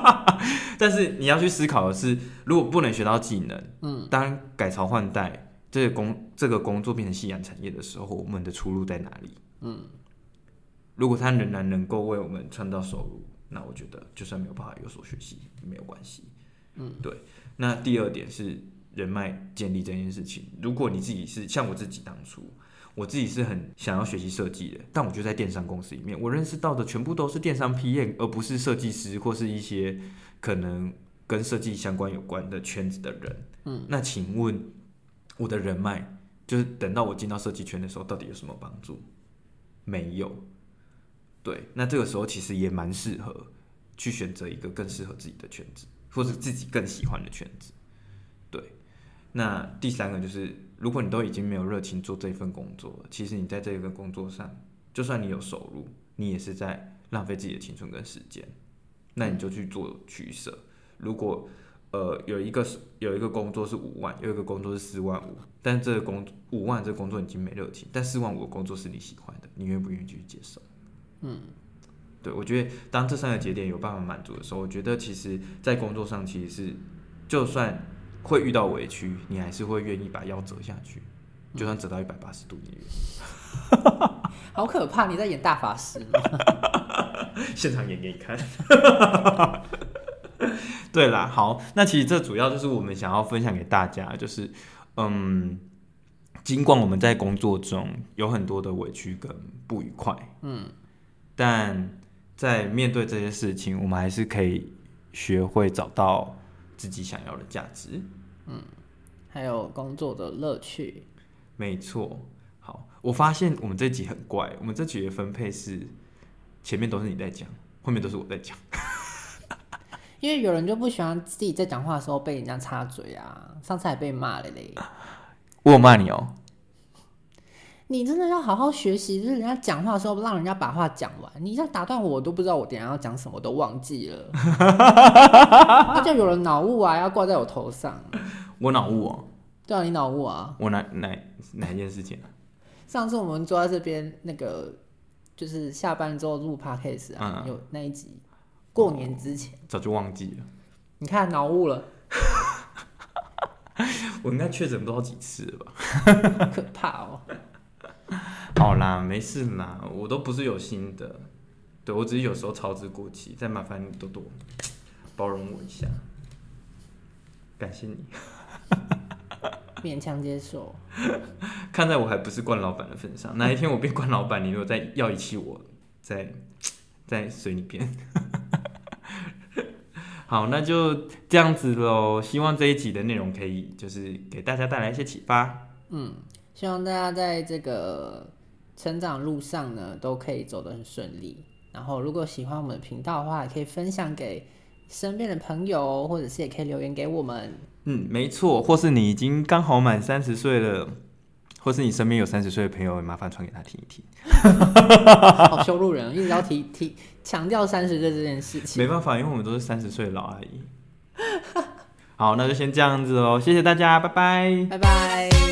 但是你要去思考的是，如果不能學到技能，嗯，當然改朝換代。這個工這個工作變成夕陽產業的時候，我們的出路在哪裡？嗯，如果他仍然能夠為我們創造收入，那我覺得就算沒有辦法有所學習，也沒有關係。嗯，對。那第二點是人脈建立這件事情。如果你自己是像我自己當初，我自己是很想要學習設計的，但我就在電商公司裡面，我認識到的全部都是電商 PM，而不是設計師或是一些可能跟設計相關有關的圈子的人。嗯，那請問。我的人脈，就是等到我進到設計圈的時候，到底有什麼幫助？沒有。對，那這個時候其實也蠻適合去選擇一個更適合自己的圈子，或是自己更喜歡的圈子。對，那第三個就是，如果你都已經沒有熱情做這份工作了，其實你在這份工作上，就算你有收入，你也是在浪費自己的青春跟時間。那你就去做取捨。如果呃，有一個是有一個工作是五萬，有一個工作是四萬五，但這個工五萬這個工作已經沒熱情，但四萬五的工作是你喜歡的，你願不願意去接受？嗯，對，我覺得當這三個節點有辦法滿足的時候，我覺得其實在工作上其實是就算會遇到委屈，你還是會願意把腰折下去，就算折到一百八十度，你願、嗯。 好可怕！你在演大法師嗎？ 現場演給你看。 對啦，好，那其實這主要就是我們想要分享給大家，就是，嗯，儘管我們在工作中有很多的委屈跟不愉快，嗯，但在面對這些事情，我們還是可以學會找到自己想要的價值，嗯，還有工作的樂趣。沒錯，好，我發現我們這集很怪，我們這集的分配是前面都是你在講，後面都是我在講。因為有人就不喜歡自己在講話的時候被人家插嘴啊，上次也被罵了嘞。我有罵你哦，你真的要好好學習，就是人家講話的時候，不讓人家把話講完。你一下打斷我，都不知道我等下要講什麼，都忘記了。那就 有人腦霧啊，要掛在我頭上。我腦霧啊？對啊，你腦霧啊？我哪哪哪件事情啊？上次我們坐在這邊，那個就是下班之後錄 podcast 啊，有、嗯嗯、那一集。過年之前、哦、早就忘記了，你看腦霧了。 我應該確診不知道幾次了吧？ 可怕哦！好啦，沒事啦，我都不是有心的，對，我只是有時候操之過急，再麻煩你多多包容我一下，感謝你。 勉強接受， 看在我還不是慣老闆的份上， 哪一天我變慣老闆，你如果再要一期，我再再隨你便。 好，那就這樣子嘍。嗯，希望這一集的內容可以就是給大家帶來一些啟發。嗯，希望大家在這個成長路上呢，都可以走得很順利。然後，如果喜歡我們的頻道的話，也可以分享給身邊的朋友，或者是也可以留言給我們。嗯，沒錯。或是你已經剛好滿三十歲了，或是你身邊有三十歲的朋友，麻煩傳給他聽一聽。好羞辱人哦，修路人一直要提提。提強調三十歲這件事情，沒辦法，因為我們都是三十歲的老阿姨。 好，那就先這樣子嘍，謝謝大家，拜拜，拜拜。